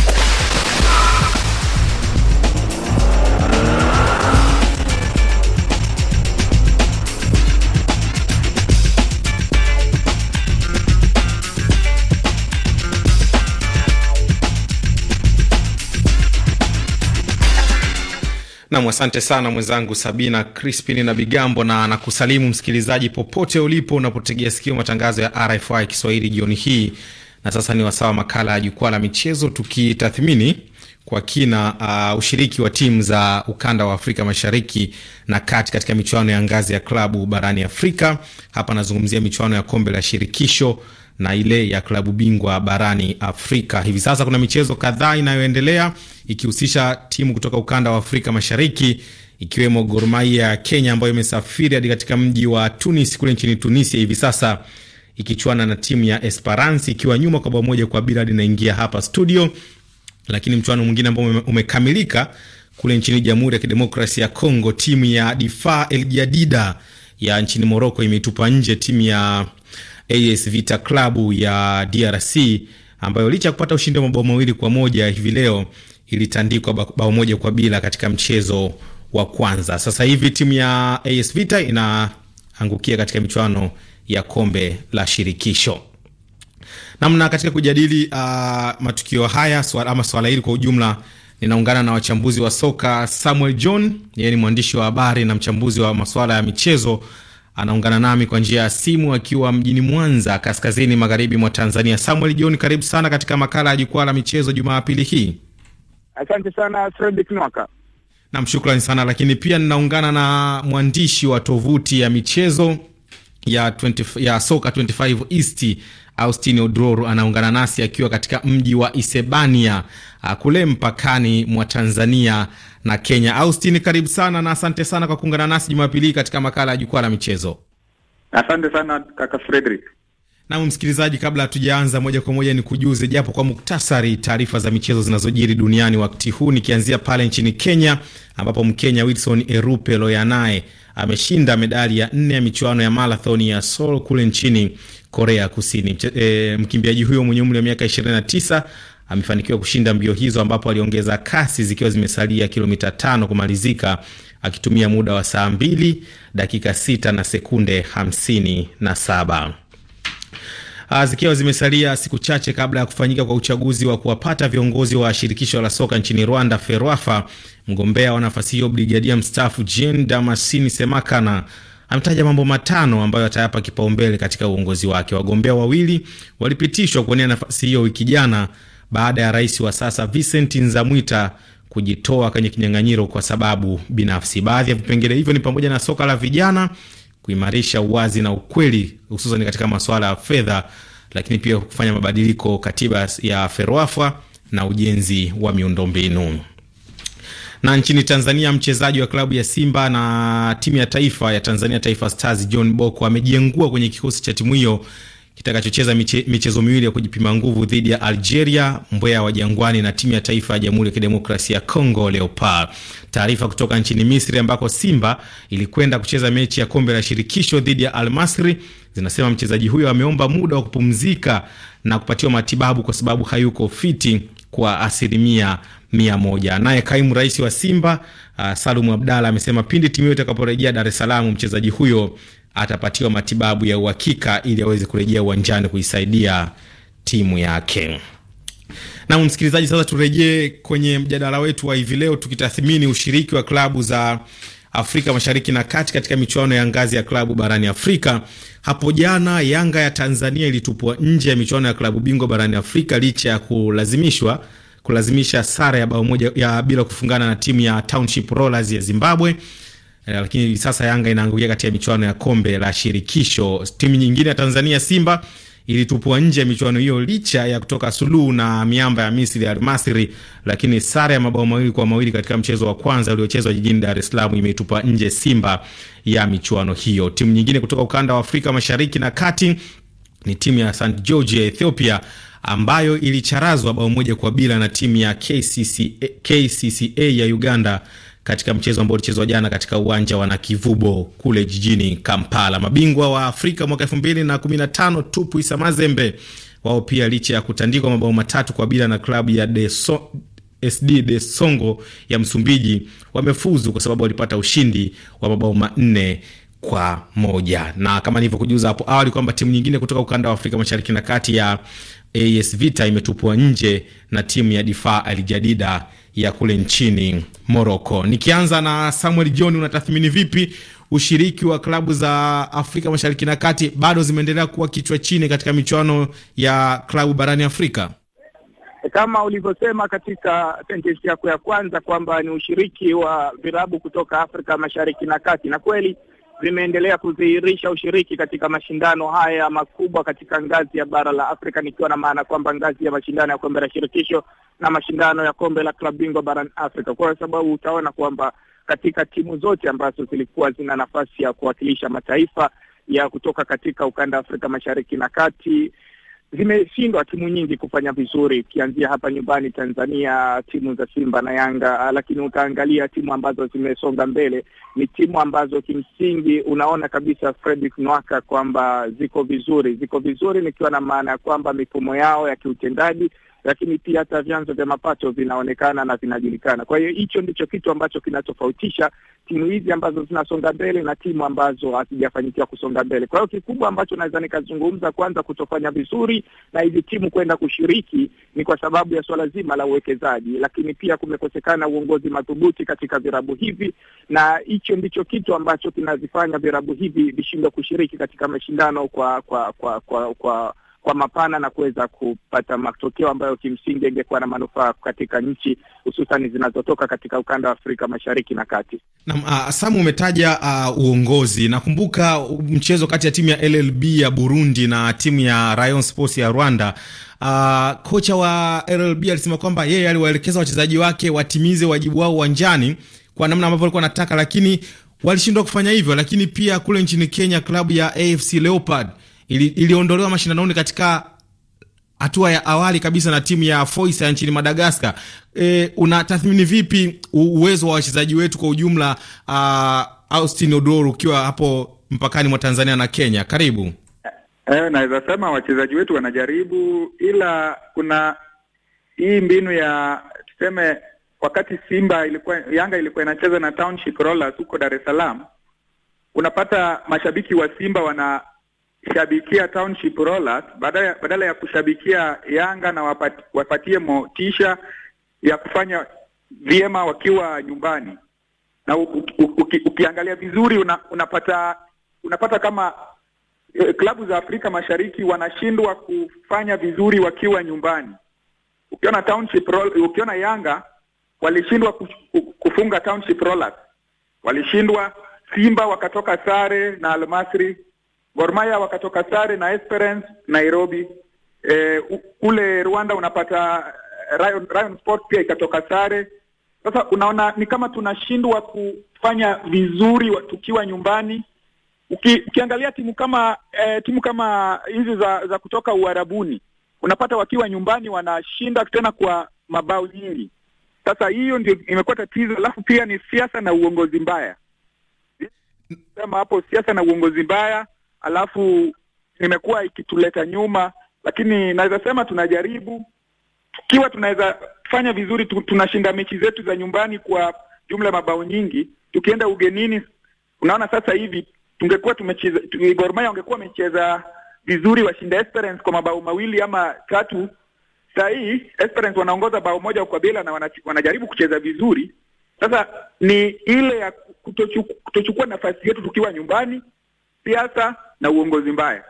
B: Nam, asante sana mwenzangu Sabina Crispin na Bigambo, na nakusalimu msikilizaji popote ulipo unapotegea sikio matangazo ya RFI Kiswahili jioni hii. Na sasa ni wasawa makala ya jukwaa la michezo, tukitathmini kwa kina uh, ushiriki wa timu za ukanda wa Afrika Mashariki na kati katika michuano ya ngazi ya klabu barani Afrika. Hapa nazungumzia michuano ya kombe la shirikisho na ile ya klabu bingwa barani Afrika. Hivi sasa kuna michezo kadhaa inayoendelea ikihusisha timu kutoka ukanda wa Afrika Mashariki ikiwemo Gor Mahia ya Kenya ambayo imesafiri hadi katika mji wa Tunis kule nchini Tunisia hivi sasa ikichuana na timu ya Esperance ikiwa nyuma kwa bao moja kwa bila hadi inaingia hapa studio. Lakini mchuano mwingine ambao umekamilika kule nchini Jamhuri ya Kidemokrasia ya Kongo, timu ya Difa El Jadida ya nchini Morocco imetupa nje timu ya AS Vita Club ya DRC ambayo licha ya kupata ushindi wa mabao mawili kwa moja hivi leo ilitandikwa bao moja kwa bila katika mchezo wa kwanza. Sasa hivi timu ya AS Vita inaangukia katika michuano ya kombe la shirikisho namna. Katika kujadili uh, matukio haya swala, ama swala hili kwa ujumla, ninaungana na wachambuzi wa soka. Samuel John, yeye ni mwandishi wa habari na mchambuzi wa masuala ya michezo, anaungana nami kwa njia ya simu akiwa mjini Mwanza, kaskazini magharibi mwa Tanzania. Samuel John, karibu sana katika makala ya jukwaa la michezo Jumapili hii.
J: Asante sana Fredrick Nwaka.
B: Nam, shukrani sana lakini pia ninaungana na mwandishi wa tovuti ya michezo ya, 20, ya soka 25 East Austin Odror anaungana nasi akiwa katika mji wa Isebania ah, kule mpakani mwa Tanzania na Kenya. Austin, karibu sana na asante sana kwa kuungana nasi Jumapili katika makala ya jukwaa la michezo.
J: Asante sana kaka Frederick.
B: Nam msikilizaji, kabla hatujaanza moja kwa moja, ni kujuze japo kwa muktasari taarifa za michezo zinazojiri duniani wakati huu, nikianzia pale nchini Kenya ambapo Mkenya Wilson Erupe Loyanae ameshinda medali ya nne ya michuano ya marathoni ya Seoul kule nchini Korea Kusini. E, mkimbiaji huyo mwenye umri wa miaka 29 amefanikiwa kushinda mbio hizo ambapo aliongeza kasi zikiwa zimesalia kilomita tano kumalizika akitumia muda wa saa mbili dakika sita na sekunde hamsini na saba. Ah, zikiwa zimesalia siku chache kabla ya kufanyika kwa uchaguzi wa kuwapata viongozi wa shirikisho la soka nchini Rwanda, FERWAFA. Mgombea wa nafasi hiyo brigadia mstaafu Jean Damasini Semakana ametaja mambo matano ambayo atayapa kipaumbele katika uongozi wake. Wagombea wawili walipitishwa kuonea nafasi hiyo wiki jana baada ya rais wa sasa Vincent Nzamwita kujitoa kwenye kinyang'anyiro kwa sababu binafsi. Baadhi ya vipengele hivyo ni pamoja na soka la vijana kuimarisha uwazi na ukweli hususan katika masuala ya fedha, lakini pia kufanya mabadiliko katiba ya FERWAFA na ujenzi wa miundombinu. Na nchini Tanzania, mchezaji wa klabu ya Simba na timu ya taifa ya Tanzania Taifa Stars John Boko amejengua kwenye kikosi cha timu hiyo kitakachocheza miche, michezo miwili ya kujipima nguvu dhidi ya Algeria, mbwea wa Jangwani, na timu ya taifa ya Jamhuri ya Kidemokrasia ya Kongo Leopard. Taarifa kutoka nchini Misri ambako Simba ilikwenda kucheza mechi ya kombe la shirikisho dhidi ya Almasri zinasema mchezaji huyo ameomba muda wa kupumzika na kupatiwa matibabu kwa sababu hayuko fiti kwa asilimia mia moja. Naye kaimu rais wa Simba uh, Salum Abdala amesema pindi timu hiyo itakaporejea Dar es Salaam mchezaji huyo atapatiwa matibabu ya uhakika ili aweze kurejea uwanjani kuisaidia timu yake. Na msikilizaji, sasa turejee kwenye mjadala wetu wa hivi leo tukitathmini ushiriki wa klabu za Afrika Mashariki na Kati katika michuano ya ngazi ya klabu barani Afrika. Hapo jana Yanga ya Tanzania ilitupwa nje ya michuano ya klabu bingwa barani Afrika licha ya kulazimishwa kulazimisha sare ya bao moja ya bila kufungana na timu ya Township Rollers ya Zimbabwe. E, lakini hivi sasa Yanga inaangukia katika michuano ya kombe la shirikisho. Timu nyingine ya Tanzania Simba ilitupwa nje ya michuano hiyo licha ya kutoka suluhu na miamba ya Misri almasri lakini sare ya mabao mawili kwa mawili katika mchezo wa kwanza uliochezwa jijini Dar es Salaam imeitupa nje Simba ya michuano hiyo. Timu nyingine kutoka ukanda wa Afrika Mashariki na Kati ni timu ya St George ya Ethiopia ambayo ilicharazwa bao moja kwa bila na timu ya KCCA, KCCA ya Uganda katika mchezo ambao ulichezwa jana katika uwanja wa Nakivubo kule jijini Kampala. Mabingwa wa Afrika mwaka tano tupu Mazembe wao pia licha ya kutandikwa mabao matatu kwa bila na klabu ya Deso, SD de Songo ya Msumbiji wamefuzu kwa sababu walipata ushindi wa mabao manne kwa moja. Na kama nilivyokujuza hapo awali kwamba timu nyingine kutoka ukanda wa Afrika Mashariki na Kati ya AS Vita imetupwa nje na timu ya Difa Aljadida ya kule nchini Moroko. Nikianza na Samuel John, unatathmini vipi ushiriki wa klabu za Afrika Mashariki na Kati? Bado zimeendelea kuwa kichwa chini katika michuano ya klabu barani Afrika.
K: Kama ulivyosema katika sentensi yako ya kwanza kwamba ni ushiriki wa virabu kutoka Afrika Mashariki na Kati, na kweli zimeendelea kudhihirisha ushiriki katika mashindano haya makubwa katika ngazi ya bara la Afrika, nikiwa na maana kwamba ngazi ya mashindano ya kombe la shirikisho na mashindano ya kombe la klabu bingwa barani Afrika, kwa sababu utaona kwamba katika timu zote ambazo zilikuwa zina nafasi ya kuwakilisha mataifa ya kutoka katika ukanda wa Afrika Mashariki na Kati zimeshindwa timu nyingi kufanya vizuri, ukianzia hapa nyumbani Tanzania, timu za Simba na Yanga, lakini utaangalia timu ambazo zimesonga mbele ni timu ambazo kimsingi unaona kabisa Fredrick Nwaka kwamba ziko vizuri, ziko vizuri nikiwa na maana ya kwamba mifumo yao ya kiutendaji lakini pia hata vyanzo vya mapato vinaonekana na vinajulikana. Kwa hiyo hicho ndicho kitu ambacho kinatofautisha timu hizi ambazo zinasonga mbele na timu ambazo hazijafanikiwa kusonga mbele. Kwa hiyo kikubwa ambacho naweza nikazungumza, kwanza kutofanya vizuri na hizi timu kwenda kushiriki ni kwa sababu ya swala zima la uwekezaji, lakini pia kumekosekana uongozi madhubuti katika virabu hivi, na hicho ndicho kitu ambacho kinazifanya virabu hivi vishindwe kushiriki katika mashindano kwa kwa kwa kwa, kwa kwa mapana na kuweza kupata matokeo ambayo kimsingi ingekuwa na manufaa katika nchi hususan zinazotoka katika ukanda wa Afrika Mashariki na Kati.
B: Naam, uh, ah, Samu umetaja uh, uongozi. Nakumbuka mchezo kati ya timu ya LLB ya Burundi na timu ya Rayon Sports ya Rwanda. Uh, kocha wa LLB alisema kwamba yeye aliwaelekeza wachezaji wake watimize wajibu wao uwanjani kwa namna ambavyo walikuwa wanataka, lakini walishindwa kufanya hivyo. Lakini pia kule nchini Kenya, klabu ya AFC Leopard ili, iliondolewa mashindanoni katika hatua ya awali kabisa na timu ya Foisa ya nchini madagascar E, unatathmini vipi uwezo wa wachezaji wetu kwa ujumla? Uh, Austin Odoro, ukiwa hapo mpakani mwa Tanzania na Kenya, karibu. Eh,
J: eh, naweza sema wachezaji wetu wanajaribu, ila kuna hii mbinu ya tuseme, wakati Simba ilikuwa Yanga ilikuwa inacheza na Township Rollers huko Dar es Salaam, unapata mashabiki wa Simba wana shabikia Township Rollers badala, badala ya kushabikia Yanga na wapati, wapatie motisha ya kufanya vyema wakiwa nyumbani. Na u, u, uki, ukiangalia vizuri una, unapata unapata kama e, klabu za Afrika Mashariki wanashindwa kufanya vizuri wakiwa nyumbani. Ukiona Township Roll, ukiona Yanga walishindwa kufunga Township Rollers, walishindwa Simba wakatoka sare na Almasri Gor Mahia wakatoka sare na Esperance Nairobi. E, kule Rwanda unapata eh, Rayon, Rayon Sport pia ikatoka sare. Sasa unaona ni kama tunashindwa kufanya vizuri tukiwa nyumbani. Uki, ukiangalia timu kama e, timu kama hizi za za kutoka Uarabuni unapata wakiwa nyumbani wanashinda tena kwa mabao nyingi. Sasa hiyo ndio imekuwa tatizo, alafu pia ni siasa na uongozi mbaya. Sema hapo siasa na uongozi mbaya alafu imekuwa ikituleta nyuma, lakini naweza sema tunajaribu, tukiwa tunaweza fanya vizuri tu, tunashinda mechi zetu za nyumbani kwa jumla ya mabao nyingi. Tukienda ugenini, unaona sasa hivi tungekuwa tumecheza Gor Mahia wangekuwa wamecheza vizuri washinda Esperance kwa mabao mawili ama tatu. Saa hii Esperance wanaongoza bao moja kwa bila na wanajaribu kucheza vizuri. Sasa ni ile ya kutochukua nafasi yetu tukiwa nyumbani, siasa na uongozi mbaya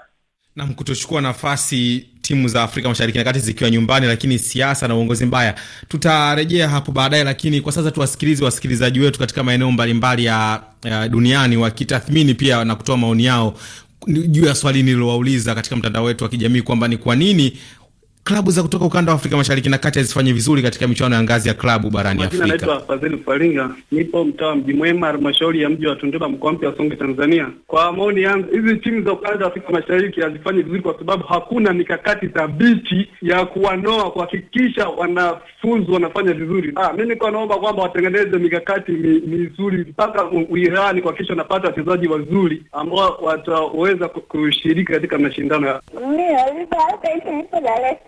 B: nam kutochukua nafasi timu za Afrika Mashariki na Kati zikiwa nyumbani, lakini siasa na uongozi mbaya. Tutarejea hapo baadaye, lakini kwa sasa tuwasikilize wasikilizaji wetu katika maeneo mbalimbali ya, ya duniani wakitathmini pia na kutoa maoni yao juu ya swali nililowauliza katika mtandao wetu wa kijamii kwamba ni kwa nini klabu za kutoka ukanda wa Afrika Mashariki na Kati hazifanyi vizuri katika michuano ya ngazi ya klabu barani Afrika.
J: Naitwa nipo mtaa wa Mji Mwema, halmashauri ya mji wa Tundeba, mkoa mpya wa Songwe, Tanzania. Kwa maoni yangu, hizi timu za ukanda wa Afrika Mashariki hazifanyi vizuri kwa sababu hakuna mikakati thabiti ya kuwanoa, kuhakikisha wanafunzi wanafanya vizuri. Ah, niko naomba kwamba watengeneze mikakati mizuri mpaka uirani kuhakikisha wanapata wachezaji wazuri ambao wataweza kushiriki katika mashindano ya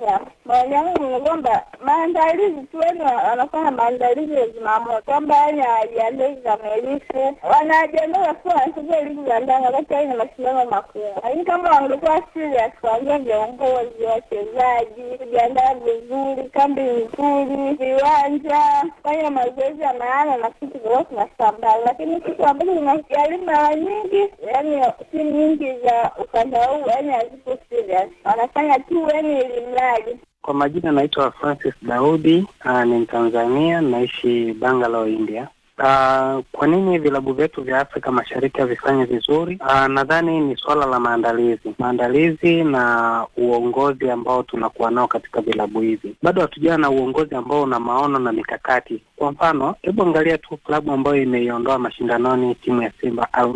K: sasa maoni yangu ni kwamba
F: maandalizi tu, yaani wanafanya maandalizi ya Zimamoto kwamba yaani hawajiandai kikamilifu, wanajiandaa wakiwa wanacheza ligi za ndani, wakati yaani mashindano makubwa. Lakini kama
K: wangekuwa serious, kuambia viongozi, wachezaji kujiandaa vizuri, kambi nzuri, viwanja, kufanya mazoezi ya maana na kitu kilikuwa kinasambaa, lakini kitu ambacho kinajaribu mara nyingi, yani timu nyingi za ukanda huu yaani hazipo serious, wanafanya tu yaani ilimradi unaitwaje?
F: Kwa majina naitwa Francis Daudi, ah, ni Mtanzania, naishi Bangalore, India. Uh, kwa nini vilabu vyetu vya Afrika Mashariki havifanyi vizuri? Uh, nadhani ni swala la maandalizi, maandalizi na uongozi ambao tunakuwa nao katika vilabu hivi. Bado hatujawa na uongozi ambao una maono na mikakati. Kwa mfano, hebu angalia tu klabu ambayo imeiondoa mashindanoni timu ya Simba Al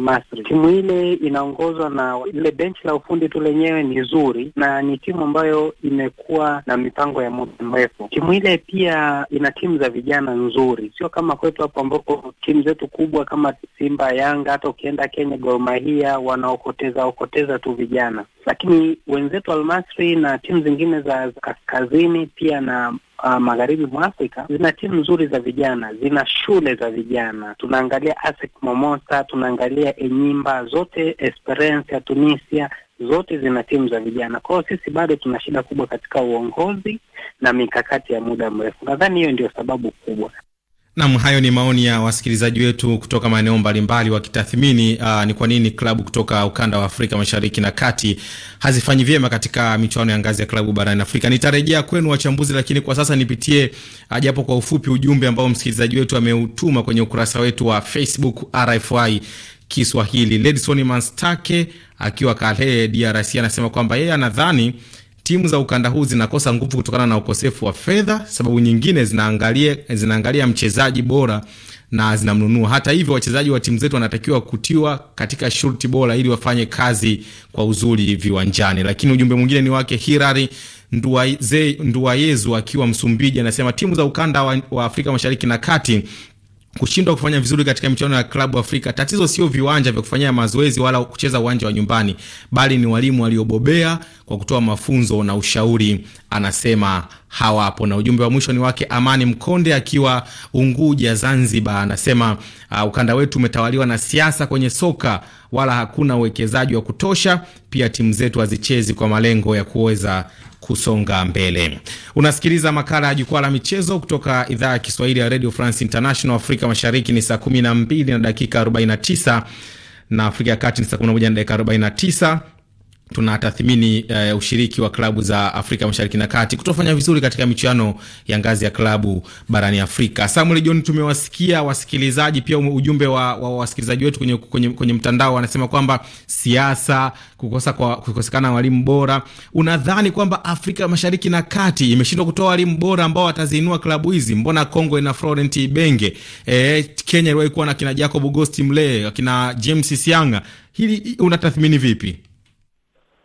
F: Timu ile inaongozwa na ile benchi la ufundi tu lenyewe ni zuri, na ni timu ambayo imekuwa na mipango ya muda mrefu. Timu ile pia ina timu za vijana nzuri, sio kama kwetu hapo ambao timu zetu kubwa kama Simba, Yanga, hata ukienda Kenya Gor Mahia wanaokoteza okoteza tu vijana, lakini wenzetu Almasri na timu zingine za kaskazini pia na Uh, magharibi mwa Afrika zina timu nzuri za vijana, zina shule za vijana. Tunaangalia ASEC Momosa, tunaangalia Enyimba, zote Esperance ya Tunisia, zote zina timu za vijana. Kwa hiyo sisi bado tuna shida kubwa katika uongozi na mikakati ya muda mrefu. Nadhani hiyo ndio sababu kubwa.
B: Nam, hayo ni maoni ya wasikilizaji wetu kutoka maeneo mbalimbali wakitathmini uh, ni kwa nini klabu kutoka ukanda wa Afrika Mashariki na Kati hazifanyi vyema katika michuano ya ngazi ya klabu barani Afrika. Nitarejea kwenu wachambuzi, lakini kwa sasa nipitie ajapo ah, japo kwa ufupi ujumbe ambao msikilizaji wetu ameutuma kwenye ukurasa wetu wa Facebook RFI Kiswahili. Ledison Manstake akiwa Kalehe, DRC, anasema kwamba yeye anadhani timu za ukanda huu zinakosa nguvu kutokana na ukosefu wa fedha. Sababu nyingine zinaangalia, zinaangalia mchezaji bora na zinamnunua. Hata hivyo, wachezaji wa timu zetu wanatakiwa kutiwa katika shurti bora ili wafanye kazi kwa uzuri viwanjani. Lakini ujumbe mwingine ni wake Hirari Nduwayezu akiwa Msumbiji, anasema timu za ukanda wa, wa Afrika Mashariki na Kati kushindwa kufanya vizuri katika michuano ya klabu Afrika, tatizo sio viwanja vya kufanyia mazoezi wala kucheza uwanja wa nyumbani, bali ni walimu waliobobea kwa kutoa mafunzo na ushauri, anasema hawapo. Na ujumbe wa mwisho ni wake Amani Mkonde akiwa Unguja, Zanzibar, anasema uh, ukanda wetu umetawaliwa na siasa kwenye soka, wala hakuna uwekezaji wa kutosha. Pia timu zetu hazichezi kwa malengo ya kuweza kusonga mbele. Unasikiliza makala ya jukwaa la michezo kutoka idhaa ya Kiswahili ya Radio France International. Afrika Mashariki ni saa 12 na dakika 49 na Afrika ya Kati ni saa 11 na dakika 49 tunatathmini uh, ushiriki wa klabu za Afrika Mashariki na Kati kutofanya vizuri katika michuano ya ngazi ya klabu barani Afrika. Samuel John, tumewasikia wasikilizaji pia ujumbe wa, wa wasikilizaji wetu kwenye, kwenye, kwenye mtandao wanasema kwamba siasa, kukosa kwa, kukosekana walimu bora. Unadhani kwamba Afrika Mashariki na Kati imeshindwa kutoa walimu bora ambao wataziinua klabu hizi? Mbona Kongo ina Florent Ibenge, e, Kenya iliwahi kuwa na kina Jacob August Mulee, akina James Sianga. Hili unatathmini vipi?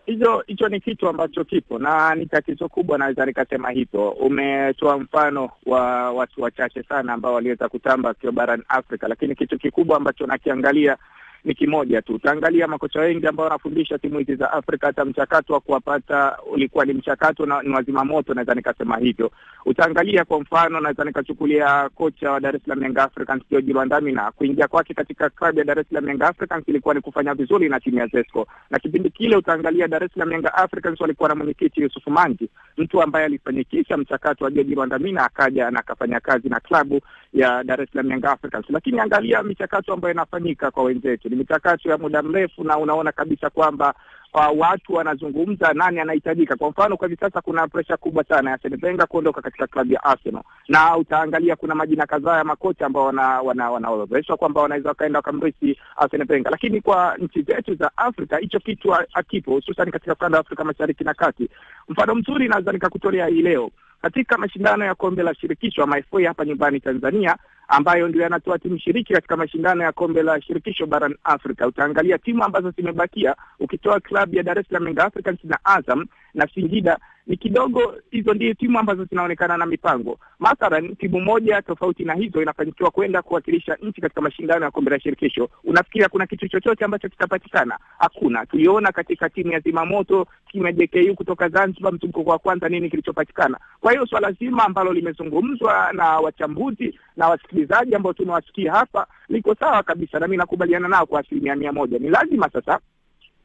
K: hizo hicho ni kitu ambacho kipo na ni tatizo kubwa, naweza nikasema hivyo. Umetoa mfano wa watu wachache sana ambao waliweza kutamba akiwa barani Afrika, lakini kitu kikubwa ambacho nakiangalia ni kimoja tu. Utaangalia makocha wengi ambao wanafundisha timu hizi za Afrika, hata mchakato wa kuwapata ulikuwa ni mchakato na ni wazima moto, naweza nikasema hivyo. Utaangalia kwa mfano, naweza nikachukulia kocha wa Dar es Salaam Young Africans George Bandamina, kuingia kwake katika klabu ya Dar es Salaam Young Africans ilikuwa ni kufanya vizuri na timu ya Zesco, na kipindi kile utaangalia Dar es Salaam Young Africans walikuwa na mwenyekiti Yusuf Manji, mtu ambaye alifanikisha mchakato wa George Bandamina, akaja na akafanya kazi na klabu ya Dar es Salaam Young Africans. Lakini angalia michakato ambayo inafanyika kwa wenzetu ni michakato ya muda mrefu, na unaona kabisa kwamba uh, watu wanazungumza nani anahitajika. Kwa mfano, kwa hivi sasa kuna presha kubwa sana ya Arsene Wenger kuondoka katika klabu ya Arsenal, na utaangalia kuna majina kadhaa ya makocha ambao wanaorodheshwa wana, wana kwamba wanaweza wakaenda kamrisi Arsene Wenger, lakini kwa nchi zetu za Afrika hicho kitu hakipo, hususan katika ukanda wa Afrika Mashariki na Kati. Mfano mzuri naweza nikakutolea hii leo katika mashindano ya kombe la shirikisho ama FA hapa nyumbani Tanzania, ambayo ndio yanatoa timu shiriki katika mashindano ya kombe la shirikisho barani Afrika. Utaangalia timu ambazo zimebakia, ukitoa klabu ya Dar es Salaam Young Africans na Azam na Singida ni kidogo. Hizo ndiyo timu ambazo zinaonekana na mipango. Mathalan, timu moja tofauti na hizo inafanikiwa kwenda kuwakilisha nchi katika mashindano ya kombe la shirikisho. Unafikiria kuna kitu chochote ambacho kitapatikana? Hakuna. Tuliona katika timu ya Zimamoto, timu ya JKU kutoka Zanzibar, mzunguko wa kwanza, nini kilichopatikana? Kwa hiyo swala zima ambalo limezungumzwa na wachambuzi na wasikilizaji ambao tumewasikia hapa liko sawa kabisa, na mi nakubaliana nao kwa asilimia mia moja. Ni lazima sasa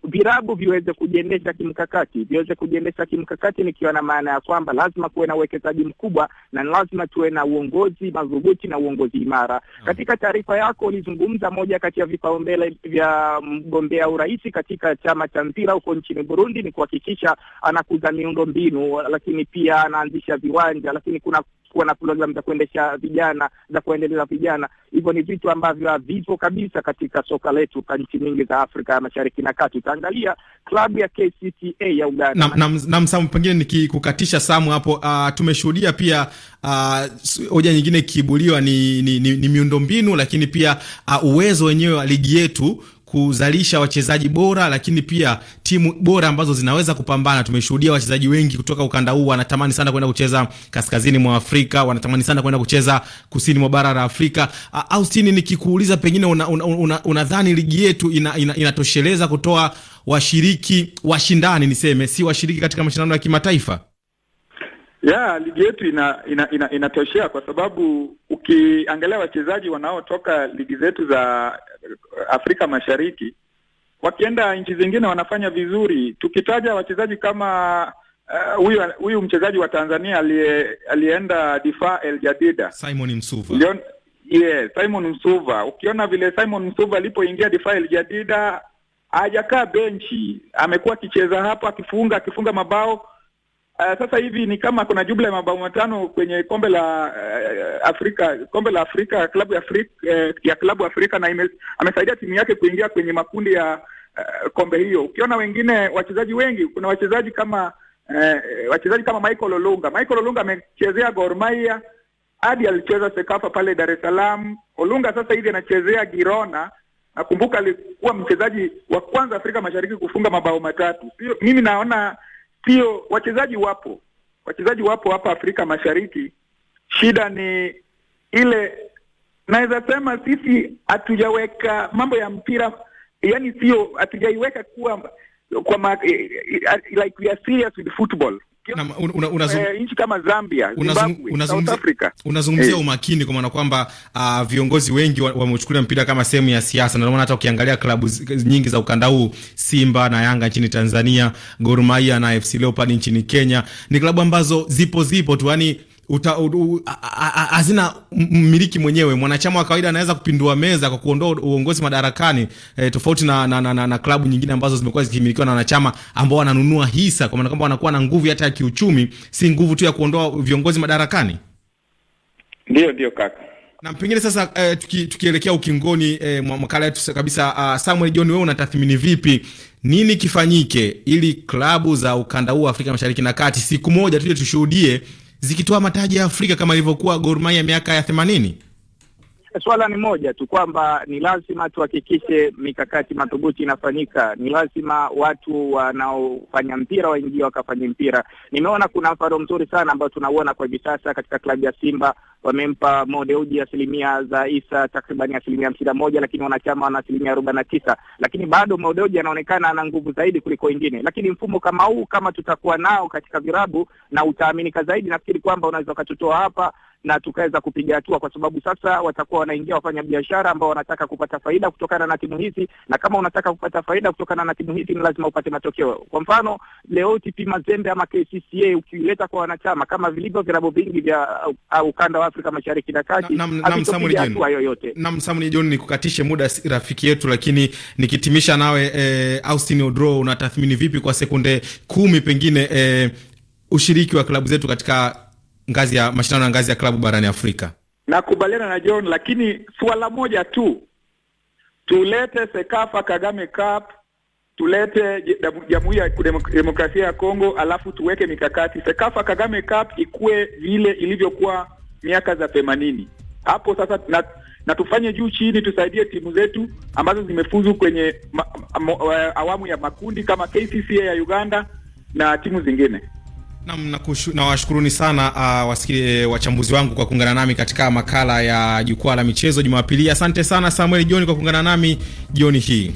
K: virabu viweze kujiendesha kimkakati, viweze kujiendesha kimkakati, nikiwa na maana ya kwamba lazima kuwe na uwekezaji mkubwa na lazima tuwe na uongozi madhubuti na uongozi imara. mm. Katika taarifa yako ulizungumza moja kati ya vipaumbele vya mgombea urais katika chama cha mpira huko nchini Burundi ni kuhakikisha anakuza miundo mbinu, lakini pia anaanzisha viwanja, lakini kuna kuwa na programu za kuendesha vijana za kuendeleza vijana. Hivyo ni vitu ambavyo havipo kabisa katika soka letu ka nchi nyingi za Afrika ya Mashariki na Kati. Utaangalia klabu ya KCTA ya Uganda na,
B: na, na Msamu, pengine nikikukatisha Samu hapo. Uh, tumeshuhudia pia ah, hoja uh, nyingine ikiibuliwa ni, ni, ni, ni miundombinu, lakini pia uh, uwezo wenyewe wa ligi yetu kuzalisha wachezaji bora, lakini pia timu bora ambazo zinaweza kupambana. Tumeshuhudia wachezaji wengi kutoka ukanda huu wanatamani sana kwenda kucheza kaskazini mwa Afrika, wanatamani sana kwenda kucheza kusini mwa bara la Afrika. Austin, nikikuuliza pengine unadhani una, una, una ligi yetu ina, ina, inatosheleza kutoa washiriki washindani, niseme si washiriki katika mashindano ya kimataifa?
J: ya ligi yetu ina ina inatoshea ina kwa sababu ukiangalia wachezaji wanaotoka ligi zetu za Afrika Mashariki wakienda nchi zingine wanafanya vizuri. Tukitaja wachezaji kama eh, huyu uh, huyu mchezaji wa Tanzania aliyeenda Difa El Jadida
B: Simon Msuva
J: Leon, Simon Msuva. Ukiona vile Simon Msuva alipoingia Difa El Jadida hajakaa benchi, amekuwa akicheza hapo akifunga akifunga mabao Uh, sasa hivi ni kama kuna jumla ya mabao matano kwenye kombe la uh, Afrika kombe la Afrika klabu ya Afrika, uh, eh, ya klabu Afrika na ime, amesaidia timu yake kuingia kwenye makundi ya uh, kombe hiyo. Ukiona wengine wachezaji wengi, kuna wachezaji kama uh, wachezaji kama Michael Olunga. Michael Olunga amechezea Gor Mahia hadi alicheza Sekafa pale Dar es Salaam. Olunga sasa hivi anachezea Girona. Nakumbuka alikuwa mchezaji wa kwanza Afrika Mashariki kufunga mabao matatu. mimi naona sio wachezaji wapo, wachezaji wapo hapa Afrika Mashariki. Shida ni ile, naweza sema sisi hatujaweka mambo ya mpira, yani sio hatujaiweka kuwa kwa ma, eh, eh, like we are serious with football Eh, nchi kama Zambia, Zimbabwe, South Africa. Unazungumzia hey, eh.
B: umakini kwa maana kwamba uh, viongozi wengi wameuchukulia mpira kama sehemu ya siasa, na ndio maana hata ukiangalia klabu nyingi za ukanda huu, Simba na Yanga nchini Tanzania, Gor Mahia na FC Leopards nchini Kenya, ni klabu ambazo zipo zipo tu, yani hazina mmiliki mwenyewe. Mwanachama wa kawaida anaweza kupindua meza kwa kuondoa uongozi madarakani e, tofauti na, na, na, na, na klabu nyingine ambazo zimekuwa zikimilikiwa na wanachama ambao wananunua hisa, kwa maana kwamba wanakuwa na nguvu hata ya kiuchumi, si nguvu tu ya kuondoa viongozi madarakani. Ndio, ndio kaka na pengine sasa eh, tuki, tukielekea ukingoni eh, makala yetu kabisa. Uh, Samuel John, wewe unatathmini vipi, nini kifanyike ili klabu za ukanda huu wa Afrika Mashariki na Kati siku moja tuje tushuhudie zikitoa mataji ya Afrika kama ilivyokuwa Gor Mahia miaka ya 80.
K: Swala ni moja tu kwamba ni lazima tuhakikishe mikakati madhubuti inafanyika. Ni lazima watu wanaofanya mpira waingie wakafanye mpira. Nimeona kuna mfano mzuri sana ambao tunauona kwa hivi sasa katika klabu ya Simba, wamempa Mo Dewji asilimia za Isa takribani asilimia hamsini na moja, lakini wanachama wana asilimia arobaini na tisa, lakini bado Mo Dewji anaonekana ana nguvu zaidi kuliko wengine. Lakini mfumo kama huu, kama tutakuwa nao katika virabu na utaaminika zaidi, nafikiri kwamba unaweza ukatutoa hapa na tukaweza kupiga hatua, kwa sababu sasa watakuwa wanaingia wafanya biashara ambao wanataka kupata faida kutokana na timu hizi, na kama unataka kupata faida kutokana na timu hizi ni lazima upate matokeo. Kwa mfano leo TP Mazembe ama KCCA ukileta kwa wanachama kama vilivyo vilabu vingi vya ukanda wa Afrika Mashariki na Kati, havitopiga hatua
B: yoyote. Naam, Samuni John, nikukatishe muda rafiki yetu, lakini nikitimisha nawe eh, Austin Odro, unatathmini vipi kwa sekunde kumi pengine eh, ushiriki wa klabu zetu katika ngazi ya mashindano ya ngazi ya klabu barani Afrika.
J: Nakubaliana na John, lakini suala moja tu, tulete Sekafa Kagame Cup, tulete Jamhuri ya Demokrasia ya Kongo, alafu tuweke mikakati. Sekafa Kagame Cup ikuwe vile ilivyokuwa miaka za themanini hapo sasa na, na tufanye juu chini, tusaidie timu zetu ambazo zimefuzu kwenye ma, ma, eh, awamu ya makundi kama KCCA ya Uganda na timu zingine.
B: Nam, nawashukuruni sana uh, ah, wasikile eh, wachambuzi wangu kwa kuungana nami katika makala ya jukwaa la michezo Jumapili. Asante sana Samuel John kwa kuungana nami jioni hii.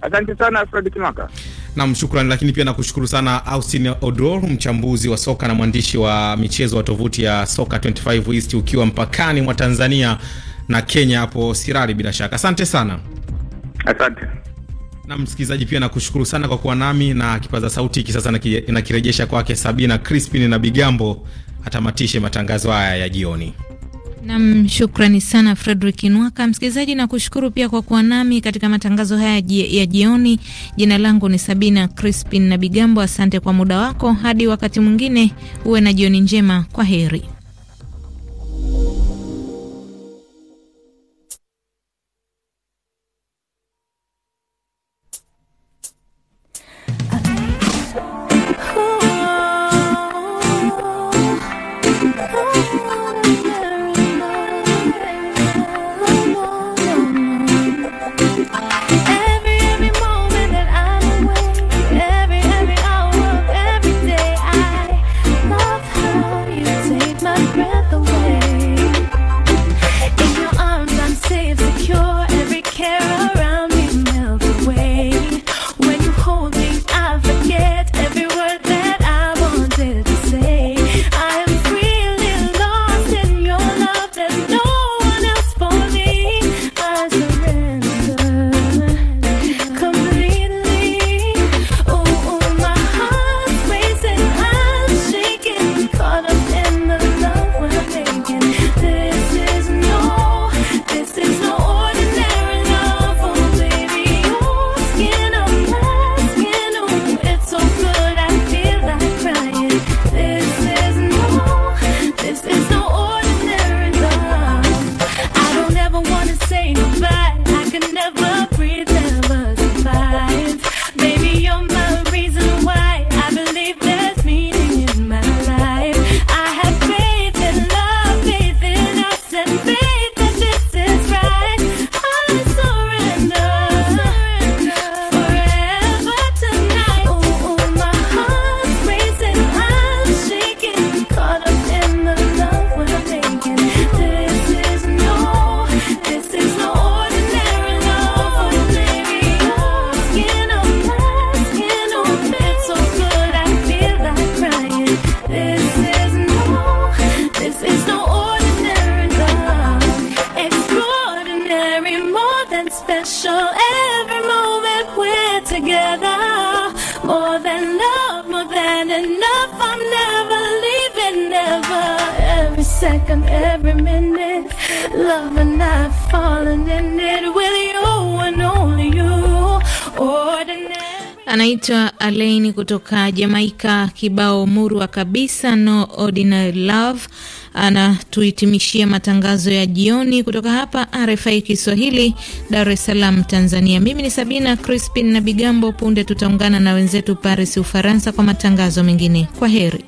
J: Asante sana Fred Kimaka.
B: Nam, shukrani. Lakini pia nakushukuru sana Austin Odor, mchambuzi wa soka na mwandishi wa michezo wa tovuti ya Soka 25 East, ukiwa mpakani mwa Tanzania na Kenya hapo Sirari, bila shaka. Asante sana. Asante. Na msikilizaji pia nakushukuru sana kwa kuwa nami na kipaza sauti hiki sasa nakirejesha kwake Sabina Crispin na Bigambo atamatishe matangazo haya ya jioni.
A: Nam, shukrani sana Fredrik Nwaka. Msikilizaji, nakushukuru pia kwa kuwa nami katika matangazo haya ya jioni. Jina langu ni Sabina Crispin na Bigambo. Asante kwa muda wako. Hadi wakati mwingine, uwe na jioni njema. Kwa heri. kutoka Jamaika, kibao murwa kabisa no ordinary love. Anatuhitimishia matangazo ya jioni kutoka hapa RFI Kiswahili, Dar es Salaam, Tanzania. Mimi ni Sabina Crispin na Bigambo. Punde tutaungana na wenzetu Paris, Ufaransa, kwa matangazo mengine. Kwa heri.